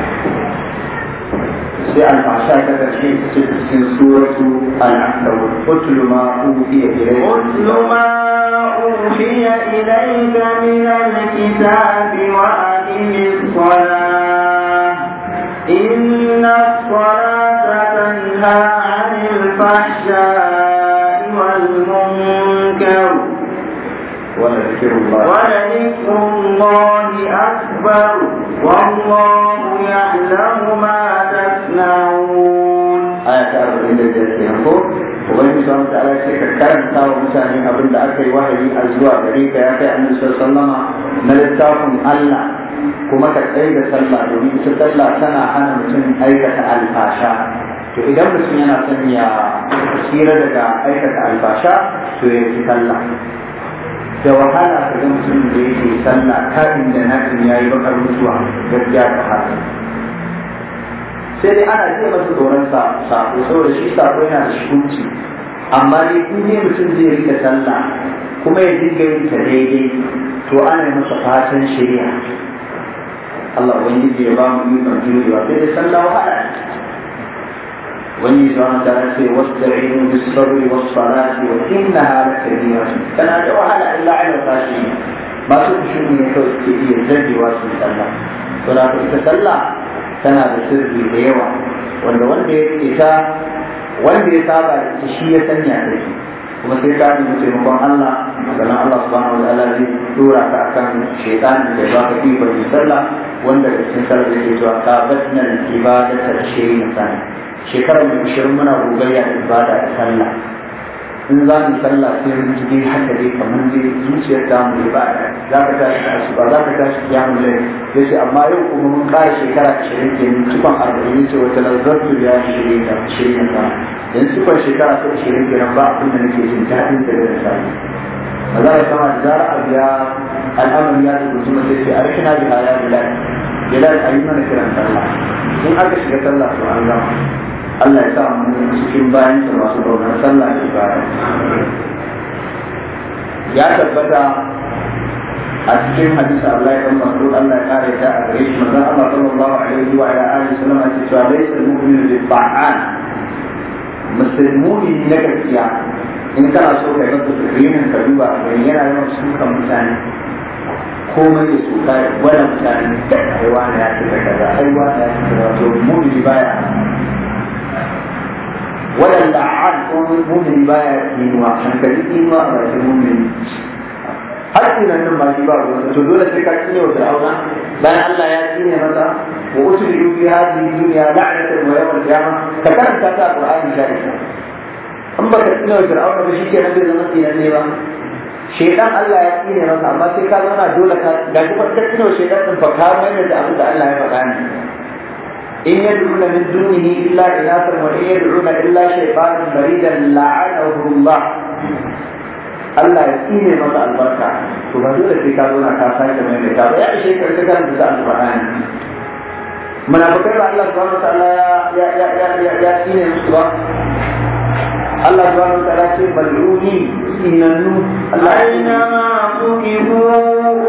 في الفحشاء كتشكيل في سورة العنكبوت اتل ما أوحي إليك اتل ما أوحي إليك من الكتاب وأقم الصلاة إن الصلاة تنهى عن الفحشاء ولذكر الله ولذكر الله أكبر والله يعلم ما تصنعون آية أربعين للجنة ubangiji sa wata ala ka karanta wa mutane abin da aka yi wahayi a zuwa gare ka ya kai annabi sallama na littafin Allah kuma ka tsaye da sallah domin ita sallah tana hana mutum aikata alfasha to idan mutum yana son ya tsira daga aikata alfasha to ya yi sallah da wahala ka ga mutum da yake sallah kafin da nakin ya yi bakar mutuwa gaskiya ka haka sai dai ana iya masa doron sako saboda shi sako yana da shukunci amma dai in ne mutum zai rika sallah kuma ya dinga yin ta daidai to ana yi masa fatan shirya, Allah wani ya ba mu yi ba sai dai sallah wahala wani zuwa ta ce wasta inu da sabri wasu salati wa inna halar kabira tana da wahala illa ala tashi masu kushin ne kawai suke iya zargewa su sallah to da ita sallah tana da sirri da yawa wanda wanda ya rike ta wanda ya saba da ita shi ya sanya da shi kuma sai ka nemi taimakon Allah daga Allah subhanahu wa ta'ala zai tura ka akan shaytanin da ba ka yi sallah wanda da cikin sallah yake cewa ka batna ibadata shaytan shekarar ishirin muna gogayya da ibada da sallah in za mu sallah sai mu ji dai haka dai kamar dai zuciyar ta mu ba za ka tashi su, ba za ka tashi ya mu dai ya ce amma yau kuma mun ƙara shekara ashirin ke ni tufan arba'in ce wata su ya shirya da shirya ta dan tufan shekara ta ashirin ke nan ba abin da nake jin daɗin da da sa ba za a sama da zara a biya al'amari ya zuba zuma sai ce a rashin biya ya bilal bilal a yi mana kiran sallah in aka shiga sallah to an zama. Allah ya sa mu cikin bayan sa masu ɗaunar sallah ke baya ya tabbata a cikin hadisa Allah ya kama su Allah ya kare ta a gare shi manzon Allah sallallahu alaihi wa ala alihi wasallam a cikin cewa laysa mu'minu bi ba'an musulmi na gaskiya in kana so ka ga musulmin ka duba ka yana yawan sukan mutane komai da suka wala mutane da aiwa na ya ce kaza aiwa na ya ce kaza to mu mu'mini baya waɗanda an kuma mumini ba ya kinuwa hankali kinuwa a bakin mumini har ina nan ba shi ba ruwan to dole sai ka kine wa fir'auna bayan Allah ya kine masa wa utbi'u fi hadhihi dunya la'natan wa yawm al-qiyamah ka karanta ta Qur'ani da ita an ba ka kine wa fir'auna ba shi ke nan zai zama kinan ne ba shedan Allah ya kine masa amma sai ka zauna dole ka ga duk ka kine wa shedan din fa ka mai da abin da Allah ya faɗa ni? إن يدعون من دونه إلا إناثا وإن يدعون إلا شيطانا مريدا لعنه الله Allah ya tsine masa albarka to ba dole sai ka zauna ka sake mai mai ba ya ishe ka kan da alqur'ani munafikai ba Allah subhanahu wa ta'ala ya ya ya ya ya tsine musu ba Allah subhanahu wa ta'ala ce baluni inannu alaina ma tuqibu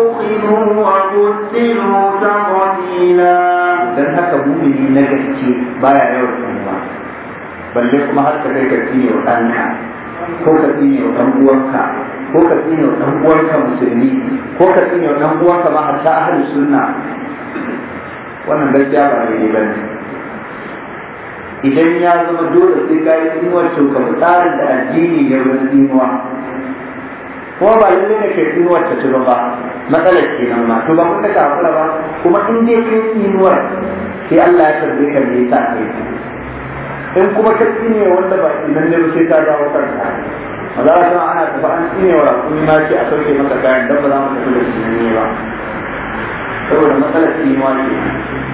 ukhidu wa qutilu taqdila haka mumini na gaske baya yawan tsanuwa balle kuma har ka kai ka tsine wa ɗanka ko ka tsine wa ɗan uwanka ko ka tsine wa ɗan uwanka musulmi ko ka tsine wa ɗan uwanka ma hatta ahlus sunna wannan gaskiya ba ne ba ne idan ya zama dole sai ka yi tsinuwar to ka tsarin da addini ya wani tsinuwa kuma ba lalle ne ke tsinuwar ta ci ba matsalar kenan ma to ba mun ta kafura ba kuma in dai kai tsinuwar sai Allah ya tambaye ka ne ta kai in kuma ka tsine wanda ba nan ne sai ta dawo kanka maza ta ana ta ba an tsine wa kun ma ce a sauke maka kayan dan ba za mu tafi da shi ba saboda matsalar nuwa ce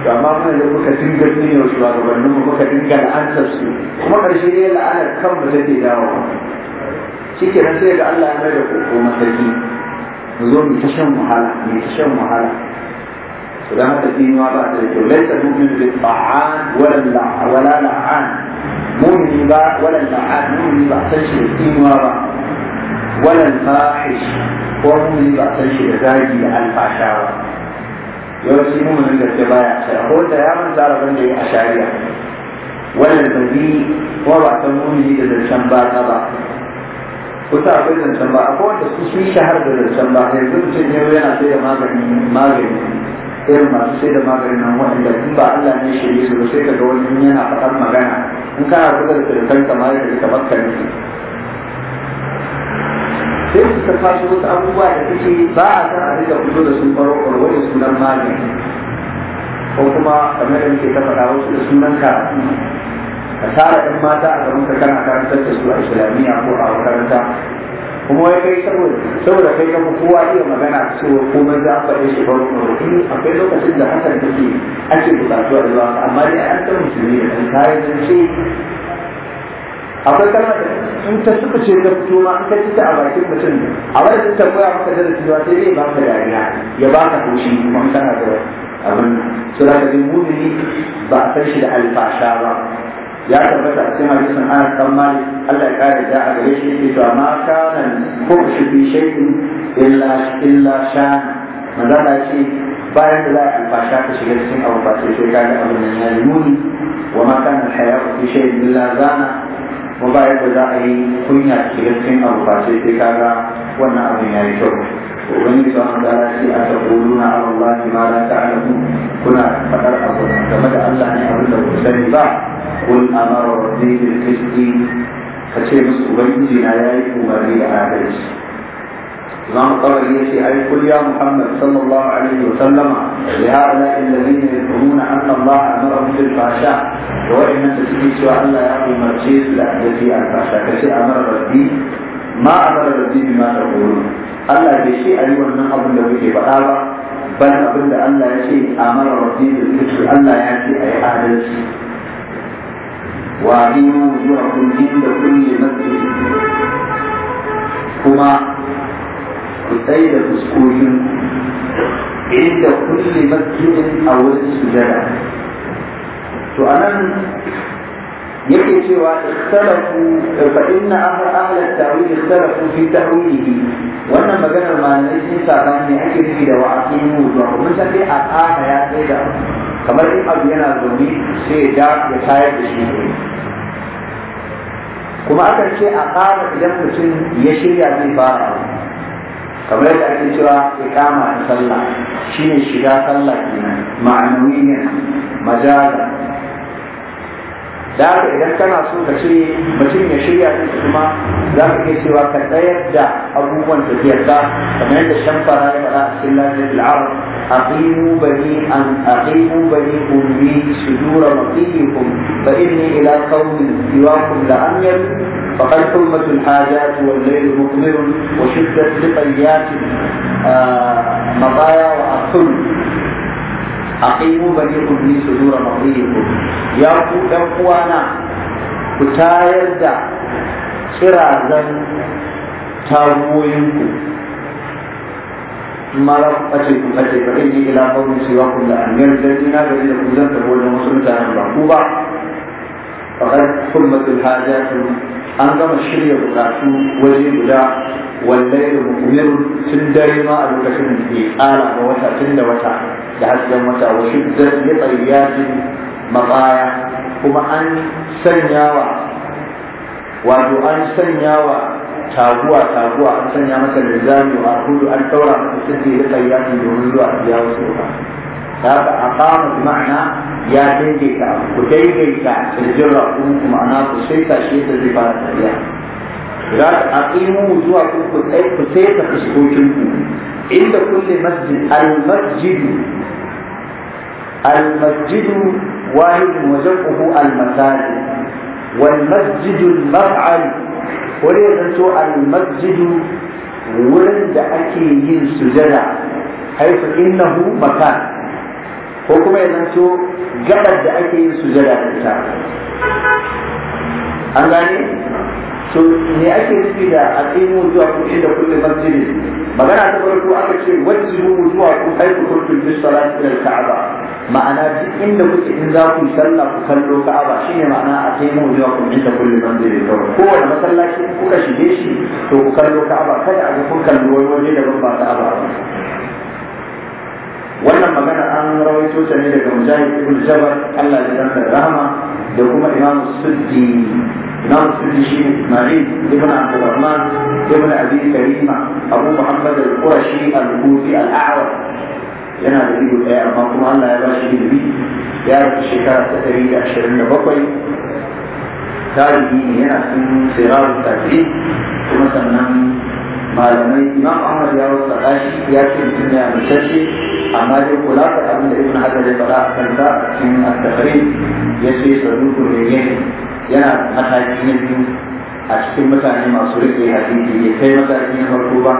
to amma kuma da muka dinga tsine wa shugabannin mu muka dinga la'antar su kuma karshe dai la'anar kan ba ke dawo shi ke nan sai ga Allah ya mai da koko mataki نزول تشمع هذا يعني هذا على سلامة الدين وضع الرجل ليس المؤمن بالطعان ولا اللع ولا لعان مو بقى ولا اللعان مو بقى تنشر الدين وضع ولا الفاحش ومؤمن بقى تنشر زاجي الفاشاوة يرسمون عند بالجباية سيقول يا من زار بني أشعرية ولا البديل وضع تمؤمن إذا الشمبات أضع kusa akwai zancen ba akwai wanda su sun shahar da zancen ba yanzu cin yau yana sai da magani magani irin masu sai da maganin nan waɗanda in ba Allah ne shi su sai ka ga wani yana faɗar magana in kana kusa da sirkan kamar da ka makar ne sai su ta faso wasu abubuwa da suke ba a san a rika fito da sun faro ƙwarwar da sunan magani ko kuma kamar da muke ta faɗa wasu da sunan ka. ka tara ɗan mata a gaban ka kana karantar da su a islamiyya ko a makaranta kuma wai kai saboda saboda kai ka kowa iya magana cewa mai za a faɗe shi ban in akwai lokacin da hakan take ake bukatu a zuwa amma dai an san musulmi da ɗan kayan zance akwai kalmar da in ta suka ce ta fito ma in ka ta a bakin mutum a wani sun ta koya maka darasi ba sai zai baka dariya ya baka fushi kuma in kana da abin su da ka mumini ba a san shi da alfasha ba ya tabbata a cikin hadisin ana dan mali Allah ya kare da a gare shi yake cewa ma kana shi bi shi illa illa shan manzo shi bayan da za a albasha ka shiga cikin abu ba sai sai kaga abin nan ya muni wa ma kana hayatu fi shay'in illa zana wa ba da za a yi kunya ka shiga cikin abu ba sai sai kaga wannan abin ya yi kyau ubangiji ta wanda da shi a ta kuluna Allah ma la ta'lamu kuna fadar abu game da Allah ne abin da ku sani ba kun amara rabbi bil qisti ka ce musu ubangiji na yayi umarni da adalci Imam Qawari ya ce ai kul ya Muhammad sallallahu alaihi wa sallama li ha'ala alladhina yadhununa anna Allah amara bil fasha da wa'inna suke cewa Allah ya umarce su da adalci al fasha ka ce amara rabbi ma amara rabbi bima taqulun Allah bai ce ayi wannan abin da kuke faɗa ba bal abin da Allah ya ce amara rabbi bil qisti Allah ya ce ayi adalci وأعينوا وجوهكم عند كل مسجد كما كتيد فسكوكم عند كل مسجد أو السجدة وأنا yake cewa salafu fa inna ahli at-ta'wil salafu fi ta'wilihi wannan maganar malamai sun saba ne ake nufi da wa'azi aqimu wa mun san dai a ya sai da kamar in abu yana zaune sai ya ya tayar da shi kuma akan ce a tsaka idan mutum ya shirya zai fara kamar yadda ake cewa iqama da sallah shine shiga sallah kenan ma'anawiyan majalan da haka idan kana so ka ce mutum ya shirya ta kuma za ka iya cewa ka tsayar da abubuwan tafiyar ka kamar yadda shamfara ya faɗa a cikin lafiyar al'arab aqimu bani an aqimu bani ummi sudura maqikum fa inni ila qaumin siwakum la amyal فقد حرمت الحاجات والليل ma baya wa ah, a وأقل aqimu bari'ukum li sudur mabiyikum ya ku dan uwana ku tayar da kirazan tawoyinku mara kace ku kace ba yi ila qawmin siwakum la an yardina ga ila ku zan tabo da wasu mutanen ba ku ba faqad kullatul hajatu an gama shirya bukatu waje guda wallai da tun dare ma a lokacin da ke tsara ga wata tun da wata da hasken wata wa shuddar li qayyatin maqaya kuma an sanyawa wato an sanyawa taguwa taguwa an sanya masa zamu a hudu an daura masa suke da qayyatin domin zuwa ya wasu ta haka aqama ma'ana ya daidaita ku daidaita sirjin kuma ana ku saita shi da zai fara tafiya za ka aqimu zuwa ku ku sai ta fuskokin ku inda kulli masjid al masjid al masjid wahid wa jam'uhu al masajid wal masjid al maf'al wani ya zanto al masjid wurin da ake yin sujada haifu innahu makan ko kuma ya zanto gabar da ake yin sujada da ita an gane So me ake nufi da aqimu zuwa ku inda kullu masjidi magana ta farko aka ce wajibu zuwa ku kai ku kuntum bis salati ka'aba ma'ana duk inda kuke in za ku sallah ku kallo ka'aba shine ma'ana aqimu zuwa ku inda kullu masjidi to kowanne masallaci kuka shige shi to ku kallo ka'aba kada a ga kun kallo wani waje da ba ka'aba wannan magana an rawaito ta ne daga mujahid ibn jabar Allah ya san rahama da kuma imam suddi imam suddi shi ma'in ibn rahman ibn abi karima abu muhammad al-qurashi al-kufi al-a'war yana da ido daya amma kuma Allah ya ba shi ilimi ya rufe shekara ta ɗari da ashirin da bakwai tarihi ne yana cikin sirar tafi kuma sannan malamai imam ahmad ya wasa ya ce mutum ya mutace amma dai kula da abin da ibn hajar ya faɗa a kan sa a cikin al ya ce saduku ne yana mataki na biyu a cikin mutane masu rike hadisi ya kai mataki na farko ba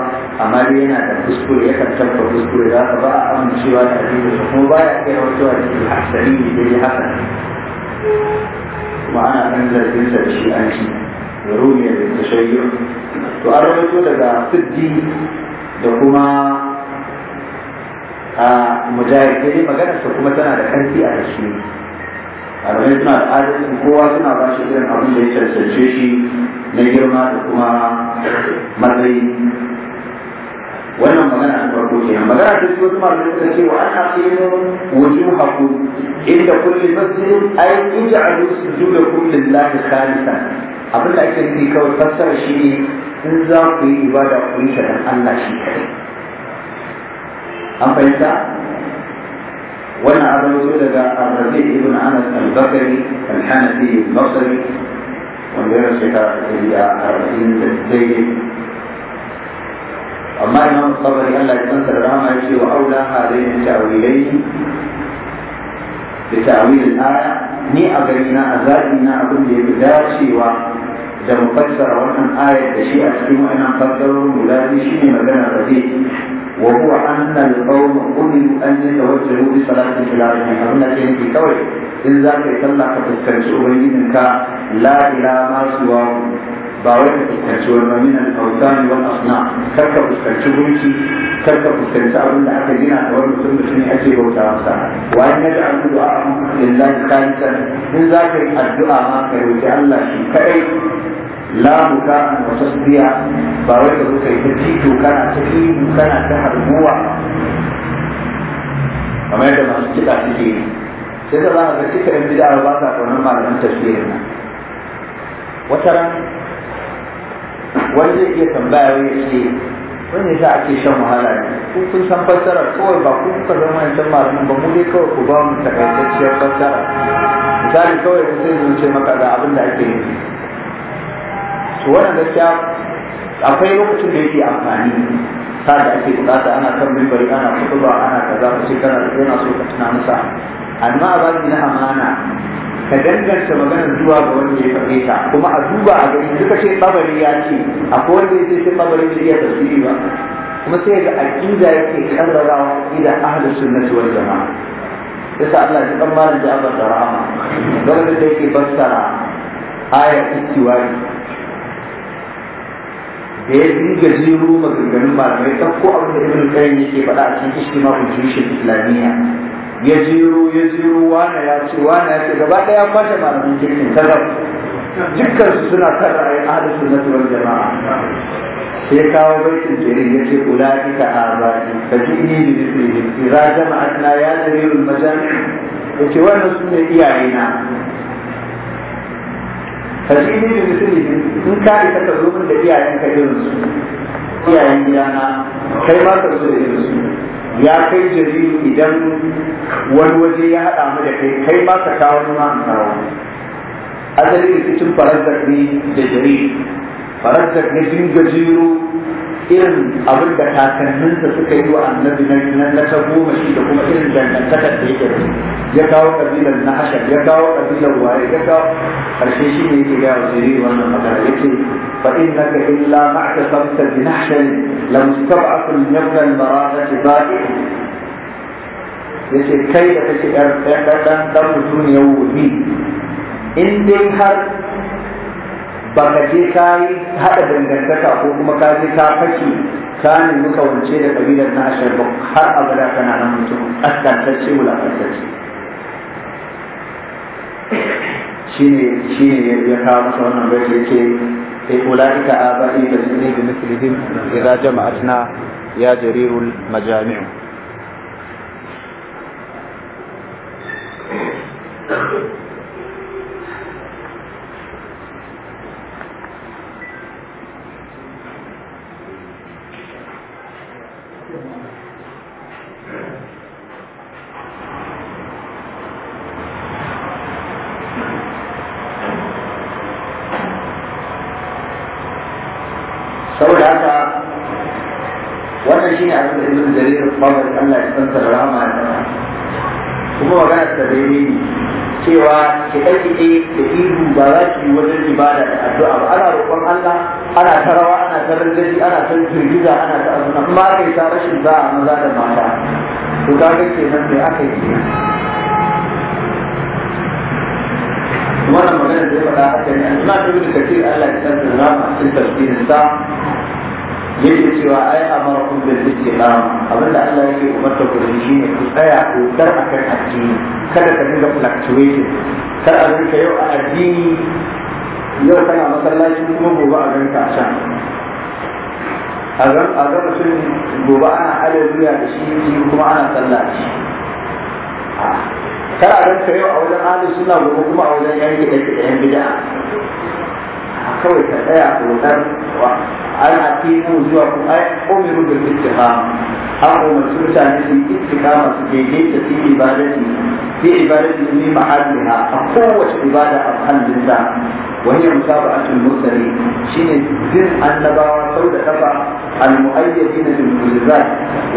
amma dai yana da kuskure ya kan tabba kuskure za ka ba a amincewa da hadisi kuma baya kai wata hadisi hasari ne dai hasan kuma ana ɗan zargin sa da shi an ci da rumiyar da shayyar. to an rawaito daga siddi da kuma a mujahid ne magana sa kuma tana da karfi a A ranar suna da adalcin kowa suna ba shi irin abin da ya cancance shi na girma da kuma matsayi wannan magana ta farko ke magana ta suna kuma da suka ce wa ana qimu hakun. inda kulli masjid ay ij'alu sujudakum lillahi khalisan abin da ake nufi kawai fassara shi ne in za ku yi ibada ku yi ta Allah shi kadai an fahimta wannan abin zo daga arrabi ibn anas al-bakari al-hanafi al-basri wanda ya shekara da arba'in da daidai amma imam sabari allah ya kansa da rama ya ce wa aula hadain ta'wilai da ta'wil al-aya ni a gari na a zaɓi na abin da ya fi dacewa da mu fassara wannan ayar da shi a cikin wannan fassarorin guda biyu shine maganar rabi وهو أن القوم أمروا أن يتوجهوا بصلاة بلادهم أبنى كينك كوي إن ذاك يتلع فتسكنش أبينك لا إلى ما سواه باوي فتسكنش وما من الأوثان والأصنام كرك فتسكنش بيتي كرك فتسكنش أبنى أكدنا أول مسلم بسني أجي وتعصى وأن يجعل دعاءهم لله خالصا إن ذاك الدعاء ما كيوتي الله شيء كأي la muta an wata tsiya ba wai da zo yi ta tito kana ta ihu kana ta harbuwa kamar yadda masu kiɗa suke yi sai da za ka ga cikin bida ba sa kaunar malaman tafsirin nan wata ran wani zai iya tambaya wai ce wani sa ake shan wahala ne ku kun san fassara kawai ba ku kuka zama yancan malaman ba mu dai kawai ku ba mu takaitacciyar fassara misali kawai ku sai zuce maka da abin da ake nufi to wannan gaskiya akwai lokacin da yake amfani sa da ake bukata ana kan mimbari ana kutuba ana kaza ko shi kana yana so ka tuna masa amma a bani na amana ka danganta maganar zuwa ga wanda ya fahimta. ta kuma a duba a gani duka ce tsabari ya ce akwai wanda ya ce tsabari zai iya tasiri ba kuma sai ga aqida yake karrarawa ila ahlus sunnati wal jamaa yasa Allah ya kan da abar da rahama da yake fassara ayat istiwai da ya dinga jiro maganganun malamai ɗauko abin da ibn kayan yake faɗa a cikin ishtima constitution islamiyya ya jiro ya jiro wana ya ce wana ya ce gaba ɗaya kwashe malamin kirkin kazar dukkan su suna kan ra'ayin ahlus sunnati wal jama'a sai kawo baitin jirin ya ce ulaika azadi da jini bi mithlihi jama'a na ya jarirul ya ce wannan ne iyayena fasili da misali in ka isa ka zo da iyayen ka irin su iyayen gidana kai ma ka zo da irin su ya kai jariri idan wani waje ya haɗa mu da kai kai ma ka kawo nuna an kawo asali rikicin farazzak ne da jariri farazzak ne sun gajiru irin abin da kakanninsa suka yi wa annabi na na ta goma shi da kuma irin dangantakar da yake ya kawo kabilar na ashar ya kawo kabilar waye ya kawo karshe shi ne yake gaya wasu wannan magana yake fa innaka illa ma'aka sabta bi nahshan la mustab'atu min al-maraqati ba'i yace kai da kake dan dan dan mutuniyar wuri in dai har ba ka je ka yi haɗa dangantaka ko kuma ka je ka fake ka nemi kawance da ƙabilar na ashar ba har abada kana nan mutum askantacce wulaƙantacce shi ne ya kawo musu wannan bai ya ce أولئك آبائي فاسألني بمثلهم إذا جمعتنا ya jarirul majami'u Thank you. ki karkice da ihu ba za ki yi wajen ibada da addu'a ba ana roƙon Allah ana ta rawa ana ta rangaji ana ta girgiza ana ta azuna amma kai ta rashin za a maza da mata to ke kenan me aka yi wannan magana da ya faɗa haka ne an suna ta da kafir Allah ya san zama a cikin tafsirin sa yake cewa ai amara kun da zikira abinda Allah yake umarta ku da shi ne ku tsaya ku dar akan addini kada ka dinga fluctuating kar a ganka yau a addini yau kana masallaci kuma gobe a ganka a can a ga mutum gobe ana haleluya da shi kuma ana sallaci kar a ganka yau a wajen ahlus sunna gobe kuma a wajen yan gida da yan gida. A kawai ka tsaya a wa an akimu zuwa ku ai umiru bil ittiqam an umarci mutane su yi ittiqama su daidai da ta ibadati bi ibadati min mahalliha a kowace ibada a mahallin وهي متابعة المرسلين شين بن النبوة سودة كفا المؤيدين بالمعجزات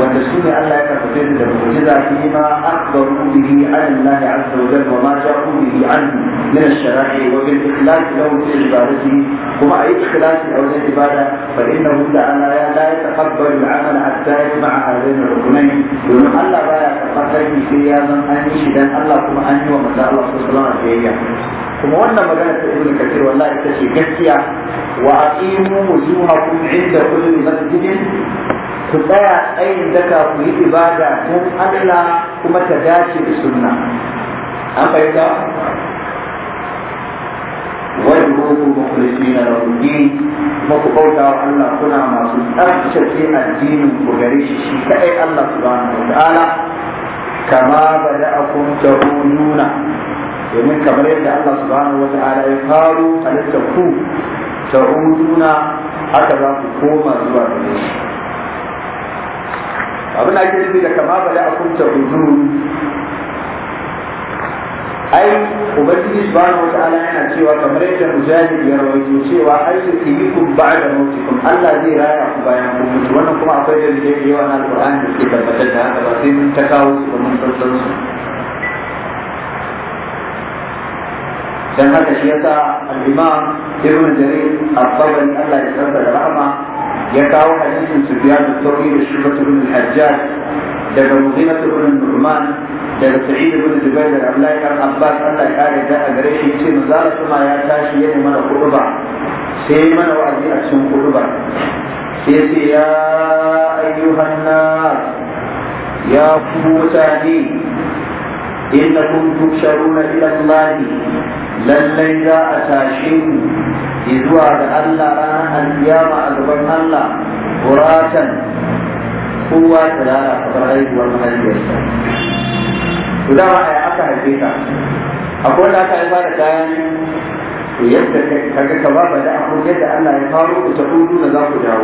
والتشكيك أن لا يكفر المعجزة فيما أخبروا به عن الله عز وجل وما جاءوا به عنه من الشرائع وبالإخلاص له في عبادته ومع أي إخلاص أو العبادة فإنه تعالى لا يتقبل العمل حتى يجمع هذين الركنين ومن ألا لا يتقبل في قياما أن يشهد الله كما أن الله صلى الله عليه وسلم kuma wannan magana ta ibn kathir wallahi ita ce gaskiya wa aqimu wujuhakum inda kulli masjidin ku tsaya tsayin daka ku yi ibada don Allah kuma ta dace da sunna an fahimta wani ruhu mukhlisina na rauni, kuma ku bauta wa Allah kuna masu tsaftace addinin ku gare shi shi kadai Allah subhanahu wa ta'ala kama bada'akum nuna. domin kamar yadda Allah subhanahu wa ta'ala ya faru halittar ku ta umuduna haka za ku koma zuwa gare shi abin da ake nufi da kama bada a kunta hujuru ai ubangiji subhanahu wa ta'ala yana cewa kamar yadda mujahid ya rawaito cewa ai su kiyikum ba'da mautikum Allah zai raya ku bayan kun mutu wannan kuma akwai dalilai da yawa na alqur'ani da suke tabbatar da haka ba sai mun ta kawo su ba mun san su dan haka shi yasa al-imam ibn jarir al-tabari Allah ya tsara da rahama ya kawo hadisin sufyan al-thawri da shubatu ibn al-hajjaj daga mughirah ibn nu'man daga sa'id ibn jubair da abdullahi ibn abbas Allah ya kare da a gare shi ce manzara kuma ya tashi ya yi mana kuduba sai mana wa'azi a cikin kuduba sai ce ya ayyuhan nas ya ku mutane إنكم تبشرون إلى الله لن لا أتاشين إذوا على الله رانا القيامة أدبر الله براتا هو تلالا فبرعيد والمهدي يسر وده رأي أعطى هديتا أقول لك عبارة كان yadda kaga ka ba da abu yadda Allah ya faru ku ta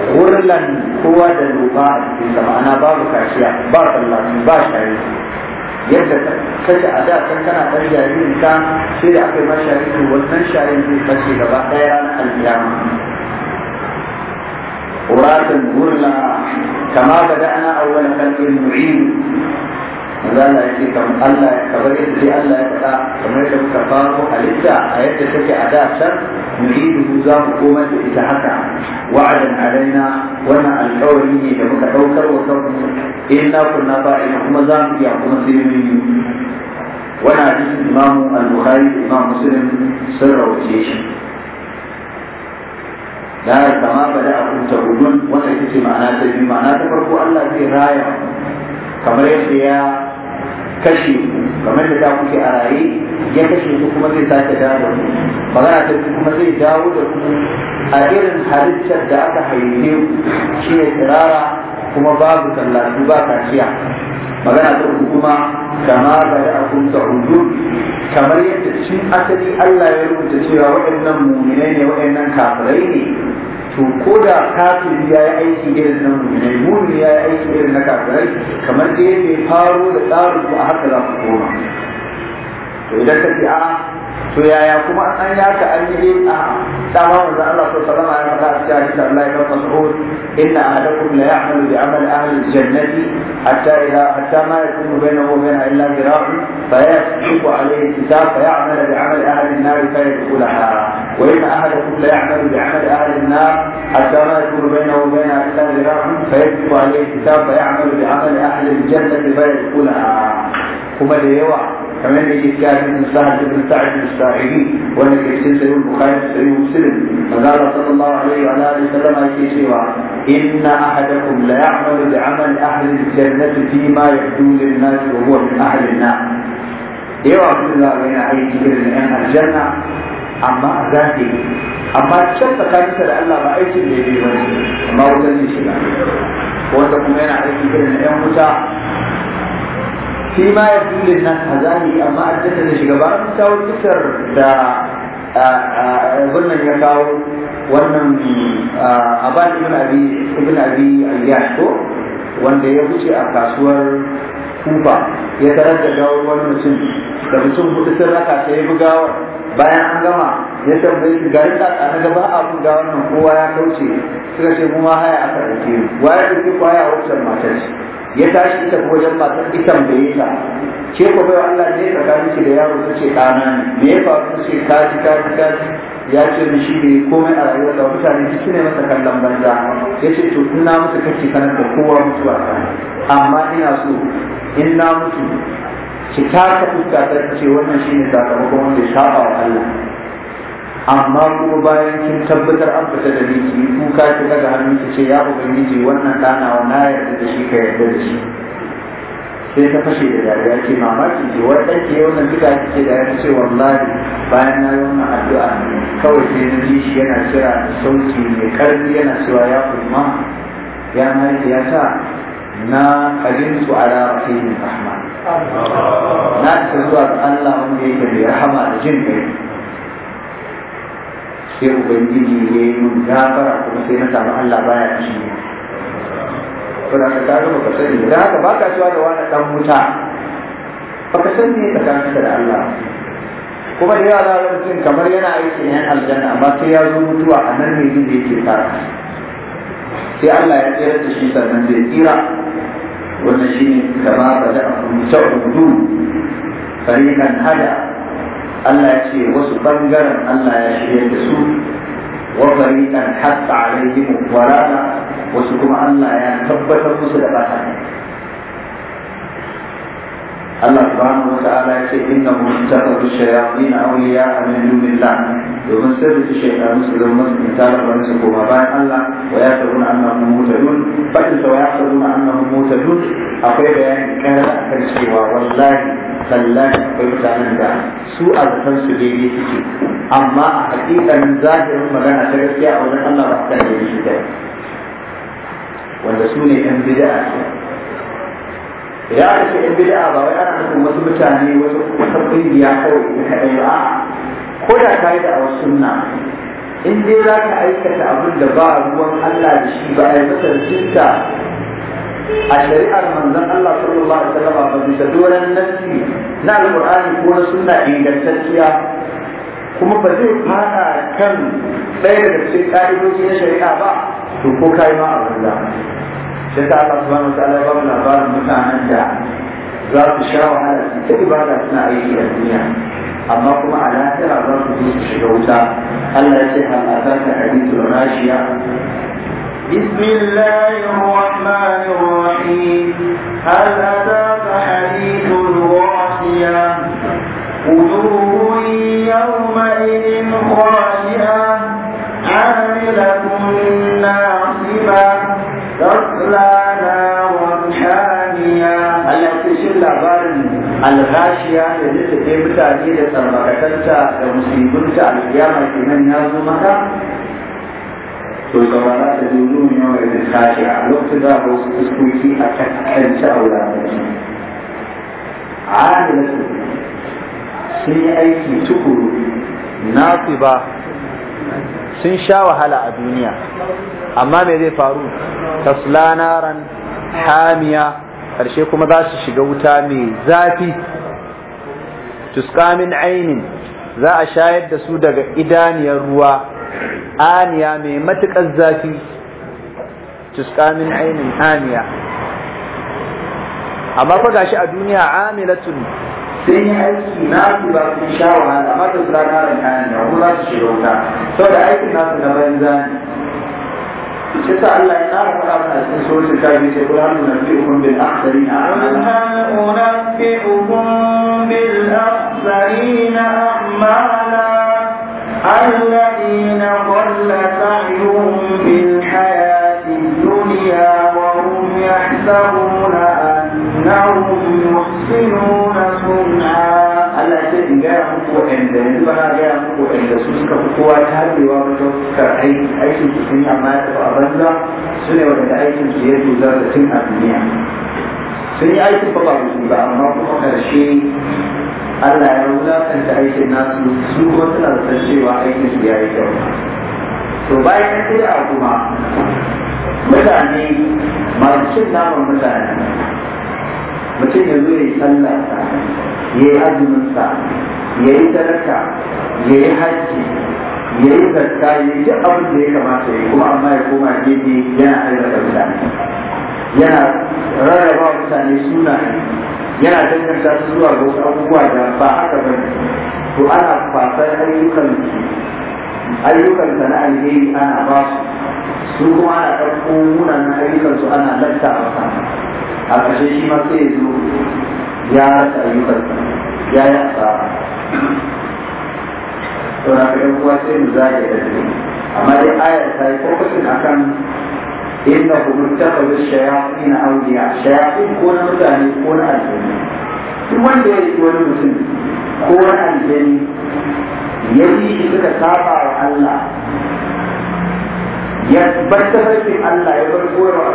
ورلن هو دلو بعض في سماء انا بعض كاشياء بعض الله في باش هاي يبدأ سجع أداء سنتنا تريد أن الإنسان سيدع في ما شاهده والمن شاهده فسي لبا ورات المرنا كما بدأنا أول خلق المعين zana yake kam Allah ya kabar yadda dai Allah ya faɗa kamar yadda muka faro halitta a yadda take a da can nuriduhu za mu komar da ita haka wa'adan alaina wannan alƙawari ne da muka ɗaukar wa kanmu in na kunna ba'ina kuma za mu iya kuma sai mun yi wannan hadisin imamu al-bukhari da imamu muslim sun rawace shi da kama bada abun tabudun wannan ita ce ma'ana ta biyu ma'ana ta farko Allah zai raya kamar yadda ya kashe kamar da za ke a raye ya kashe su kuma zai sake dawo magana ta kuma zai dawo da ku a irin halittar da aka haife shi ne tsirara kuma babu tallafi ba kaciya magana ta uku kuma kama ga da akun hudu kamar yadda cin asali Allah ya rubuta cewa waɗannan muminai ne waɗannan kafirai ne to ko da kafiri ya yi aiki irin na mai muni ya yi aiki irin na kafirai kamar da ya faro da tsarin ku a haka za ku koma to idan ka ce a. to yaya kuma an yaka an yi a dama wanda Allah so sallama ya faɗa a cikin hadisi Allah ibn Mas'ud inna ahadakum la ya'malu bi amali ahli jannati hatta idha hatta ma yakunu bainahu wa bainaha illa zira'un fa yasbiqu alayhi kitab fa ya'malu bi amali ahli an-nar fa yadkhulaha wa inna ahadakum la ya'malu bi amali ahli an-nar hatta ma yakunu bainahu wa bainaha illa zira'un fa yasbiqu alayhi kitab fa ya'malu bi amali ahli al-jannati fa yadkhulaha kuma da yawa كمان يجي كعب بن سعد بن سعد الساعدي وانا كيسين سيد البخاري سيد مسلم فقال صلى الله عليه وعلى اله وسلم كيسيوا ان احدكم ليعمل بعمل اهل الجنه فيما يبدو للناس وهو من اهل النار yawa sun zaɓe na aiki irin yan aljanna amma a اما amma can tsakaninsa da Allah ba aikin da ya ba amma wajen ne shiga wanda fi ma ya tulin nan a zahiri amma a cikin da shiga ba kawo cikar da gurnan ya kawo wannan abbas ibn abi ibn abi wanda ya wuce a kasuwar kufa ya tarar da gawar wani mutum da mutum hudu sun raka sai ya bi gawar bayan an gama ya tambaye su garin da na gaba a bin gawar nan kowa ya kauce suka ce mu ma haya aka ɗauke waye ɗauke kwaya a wancan matar ya tashi ita wajen matar ita bai ta ce ko bai Allah ne tsakanin ki da yaro ta ce ɗana ne me ya faru ta ce kaji ya ce ni shi ne komai a rayuwar da mutane duk ne masa kallon banza ya ce to ina musu kake sanar da kowa mutuwa amma ina so in na mutu ki taka fuska ta ce wannan shine sakamakon wanda ya saba wa Allah amma kuma bayan kin tabbatar an fita da ni kuka ki daga hannu ki ce ya ubangiji wannan dana wa na yarda da shi ka yarda da shi sai ta fashe da dariya ce mamaki ce wai ɗan ke wannan duka kike da ya ce wallahi bayan na yi wannan addu'a ne kawai sai na ji shi yana kira da sauki mai karfi yana cewa ya kuma ya mahaifi ya sa na kalintu ala rahimin rahman na isa zuwa ga Allah wanda yake mai rahama da jin kai sai ubangiji ya yi mun gafara kuma sai na samu Allah baya ci da ka gano ka sani da haka ba ka cewa da wani dan wuta ka san me ka da Allah kuma da yara da mutum kamar yana aiki ne an aljanna amma sai ya zo mutuwa a nan ne zai yake fara sai Allah ya tsira da shi sannan zai tsira wannan shine kama da abu ta'udu fariqan hada Allah ya ce wasu bangaren Allah ya shirya da su wa fariqan hatta alaihim warana wasu kuma Allah ya tabbatar musu da bata Allah subhanahu wa ta'ala ce inna muttaqu shayatin awliya min dunillah domin sirri shaytanu su zama masu intara ba su koma bayan Allah wa ya taruna annahum mutadun fadin sa wa ya taruna annahum mutadun akwai bayani kara akan cewa wallahi sallahi akwai mutanen da su a zaton su daidai suke amma a hakikanin zahirin magana ta gaskiya a wajen Allah ba ta daidai shi wanda su ne yan bid'a Ya aka ce yan bid'a ba wai ana nufin wasu mutane wasu wata kungiya kawai ita kaɗai ba ko da ka yi da a sunna in dai za ka aikata abin da ba ruwan Allah da shi ba ya masa jinta a shari'ar manzon Allah sallallahu alaihi wasallam ba da doran nassi na alqur'ani ko na sunna ingantacciya kuma ba zai fara kan ɗaya daga cikin ƙa'idoji na shari'a ba to ko kai ma a da? sai ta Allah subhanahu wataala ya ba mu labarin mutanen da za su sha wahala su ta ibada suna aiki a duniya amma kuma a lahira za su zo su shiga wuta Allah ya ce hal ataka hadithul rashiya بسم الله الرحمن الرحيم هل أتاك حديث الغاشية وجوه يومئذ خاشعة عاملة ناصبة alghashiya da nufin mutane da tsarmakatanta da musibinta alkiyama kenan ya zo maka to saurara da zuzu ne yau da tashi a lokacin da ba su fuskoki a kakkanci a wulatanci adalatu sun yi aiki tukuru na ba sun sha wahala a duniya amma me zai faru tasla naran hamiya ƙarshe kuma za su shiga wuta mai zafi tuskamin ainin za a shayar da su daga idaniyar ruwa aniya mai matuƙar zafi tuskamin ainin aniya amma fa gashi a duniya amilatun sun yi aiki na su ba su sha wahala amma da su da karin kayan da kuma za su shiga wuta saboda aikin nasu na banza ne yasa Allah ya ƙara faɗa mana cikin suratul kafir sai kula mun nabi ukum bil akhsarin a'mala unabbi'ukum bil akhsarin a'mala الذين ضل سعيهم في الحياة الدنيا وهم يحسبون أنهم يحسنون waɗanda yanzu ba na gaya muku waɗanda su suka fi kowa tarewa wajen fuskar aikin su sun yi amma ya tafi a banza su ne waɗanda aikin su ya dozar da tun a duniya sun yi aikin ba ba su ba amma kuma karshe Allah ya wulakanta aikin nasu su kuma suna da san cewa aikin su ya yi kyau to bayan sai a kuma mutane masu cin naman mutane mutum ya zo ya yi sallah ya yi azumin sa ya yi sadaka ya yi hajji ya yi zakka ya yi duk abin da ya kamata ya yi kuma amma ya koma gefe yana aibata mutane yana rarraba mutane suna yana danganta su zuwa ga wasu abubuwa da ba haka ba to ana kwasar ayyukan ayyukan na alheri ana ba su su kuma ana ɗauko munan ayyukan su ana lafta a sa a ƙarshe shi ma sai ya zo ya rasa ayyukan ya yi asara to na sai mu zage da su amma dai ayar ta yi fokusin akan inda hudu ta kalu shayatin auliya shayatin ko na mutane ko na aljani duk wanda ya yi wani mutum ko na aljani ya yi shi suka saba wa Allah ya bar tafarkin Allah ya bar koyarwa a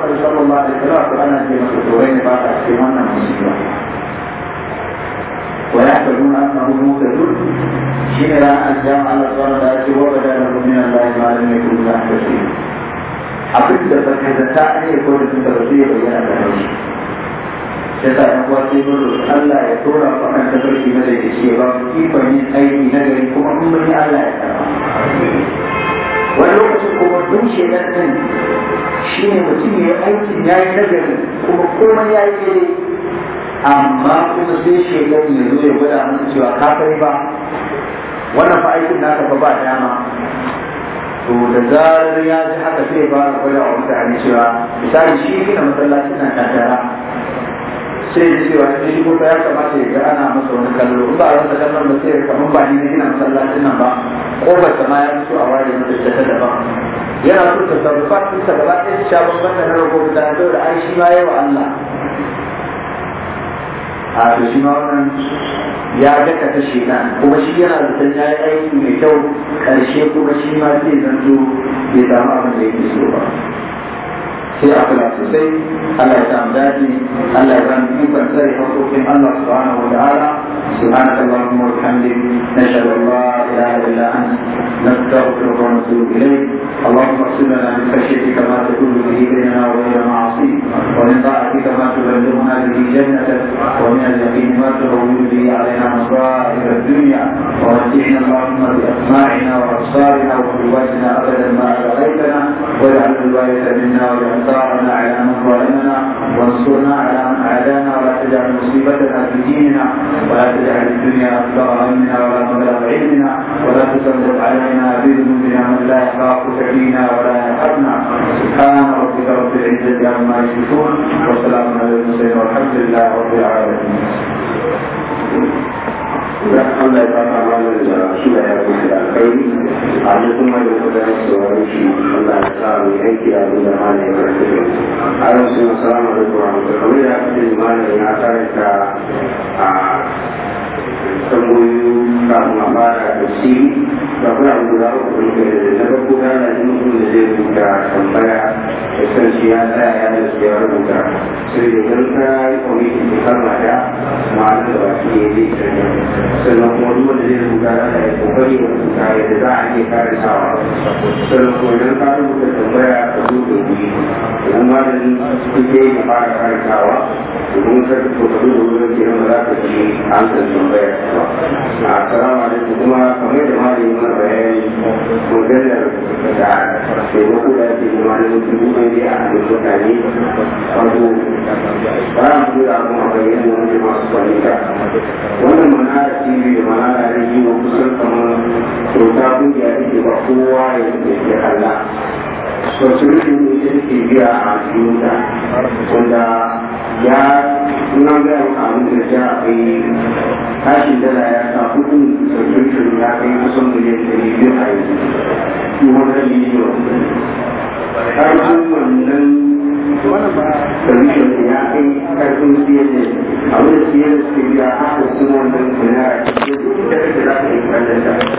ko ana ce masa to ba ta wannan ويحسبون انهم مهتدون شيء لا على الصلاه وبدا من الله ما لم يكونوا يحتسبون abin da ba ka zata an yi ko da sun da zai bayyana da haushi sai sai Allah ya tura ku akan tafarki na da ya ba mu ikon yin aiki na gari kuma yi Allah ya wani lokacin kuma duk shekar ɗin shi ne mutum ya yi aiki nagari kuma ya amma kuma sai shekaru ya zo ya gwada mun cewa ka kai ba wannan fa aikin naka fa ba dama to da zarar ya ji haka sai ba ya gwada wa mutane cewa misali shi gina masallacin na tara. sai ya cewa shi shi kuma ya kamata ya ga ana masa wani kallo in ba a rasa kallon ba sai kamar ba ni ne gina masallacin nan ba kofar ta ma ya fito a wajen da ta daban yana so ta sarrafa ta gaba ɗaya ta sha na rago da ta da ai shi ma yawa Allah wato shi ma wannan ya dakata shekan kuma shi yana da san ya yi aiki mai kyau ƙarshe kuma shi ma zai zanto bai samu abin da yake so ba sai a kula sosai Allah ya samu dace Allah ya bani ikon tsare hakokin Allah subhanahu wa ta'ala سبحانك اللهم وبحمدك نشهد ان لا اله الا انت نستغفرك ونتوب اليك اللهم اقسم لنا من خشيتك ما تكون به بيننا وبين معاصيك ومن طاعتك ما تبلغنا به جنتك ومن اليقين ما تهون به علينا مصائب الدنيا ومتعنا اللهم باسماعنا وابصارنا وقواتنا ابدا ما ابقيتنا واجعل الوارث منا واجعل ثارنا على من ظلمنا وانصرنا على من عادانا ولا تجعل مصيبتنا في ديننا ولا تجعل الدنيا اكبر منا ولا مبلغ علمنا ولا تسلط علينا بذنوبنا من لا يخافك يكفينا ولا سبحان ربك رب العزة عما يصفون وسلام على المرسلين والحمد لله رب العالمين a a ba kuna guda uku na farko gana shi mutum da zai rubuta tambaya da san shi ya tsaya ya da ya rubuta sai da kan ta yi da kan mata ma'ana da baki ne zai tsaya sannan kuma duk wanda zai rubuta za ta yi kokari ya rubuta yadda za a iya kare sawa sannan kuma idan ka rubuta tambaya ka zo da wuri idan malamin kuke ka fara kare sawa domin ka fito ka zo da wurin kenan ba za ka ji an san tambaya ba a assalamu alaikum kuma kamar da malamin bayani maganar da taimako da ake yi wani mutum ne ne a cikin mutane wato ba a tura mu a bayyana wani masu kwalita wannan manara tv da manara rediyo kusan kamar kyauta kungiya da ke ba kowa ya ke kalla mutum ke biya a duniya wanda uh, ya suna ga yan abin da ja akwai tashin dala ya sa kudin subscription ya kai kusan miliyan ɗari biyu a yanzu kuma da miliyan ƙarfin wannan subscription ya kai ƙarfin siyar da abin da siyar da siyar da haka suna wannan kuna da duk da za ka yi kallon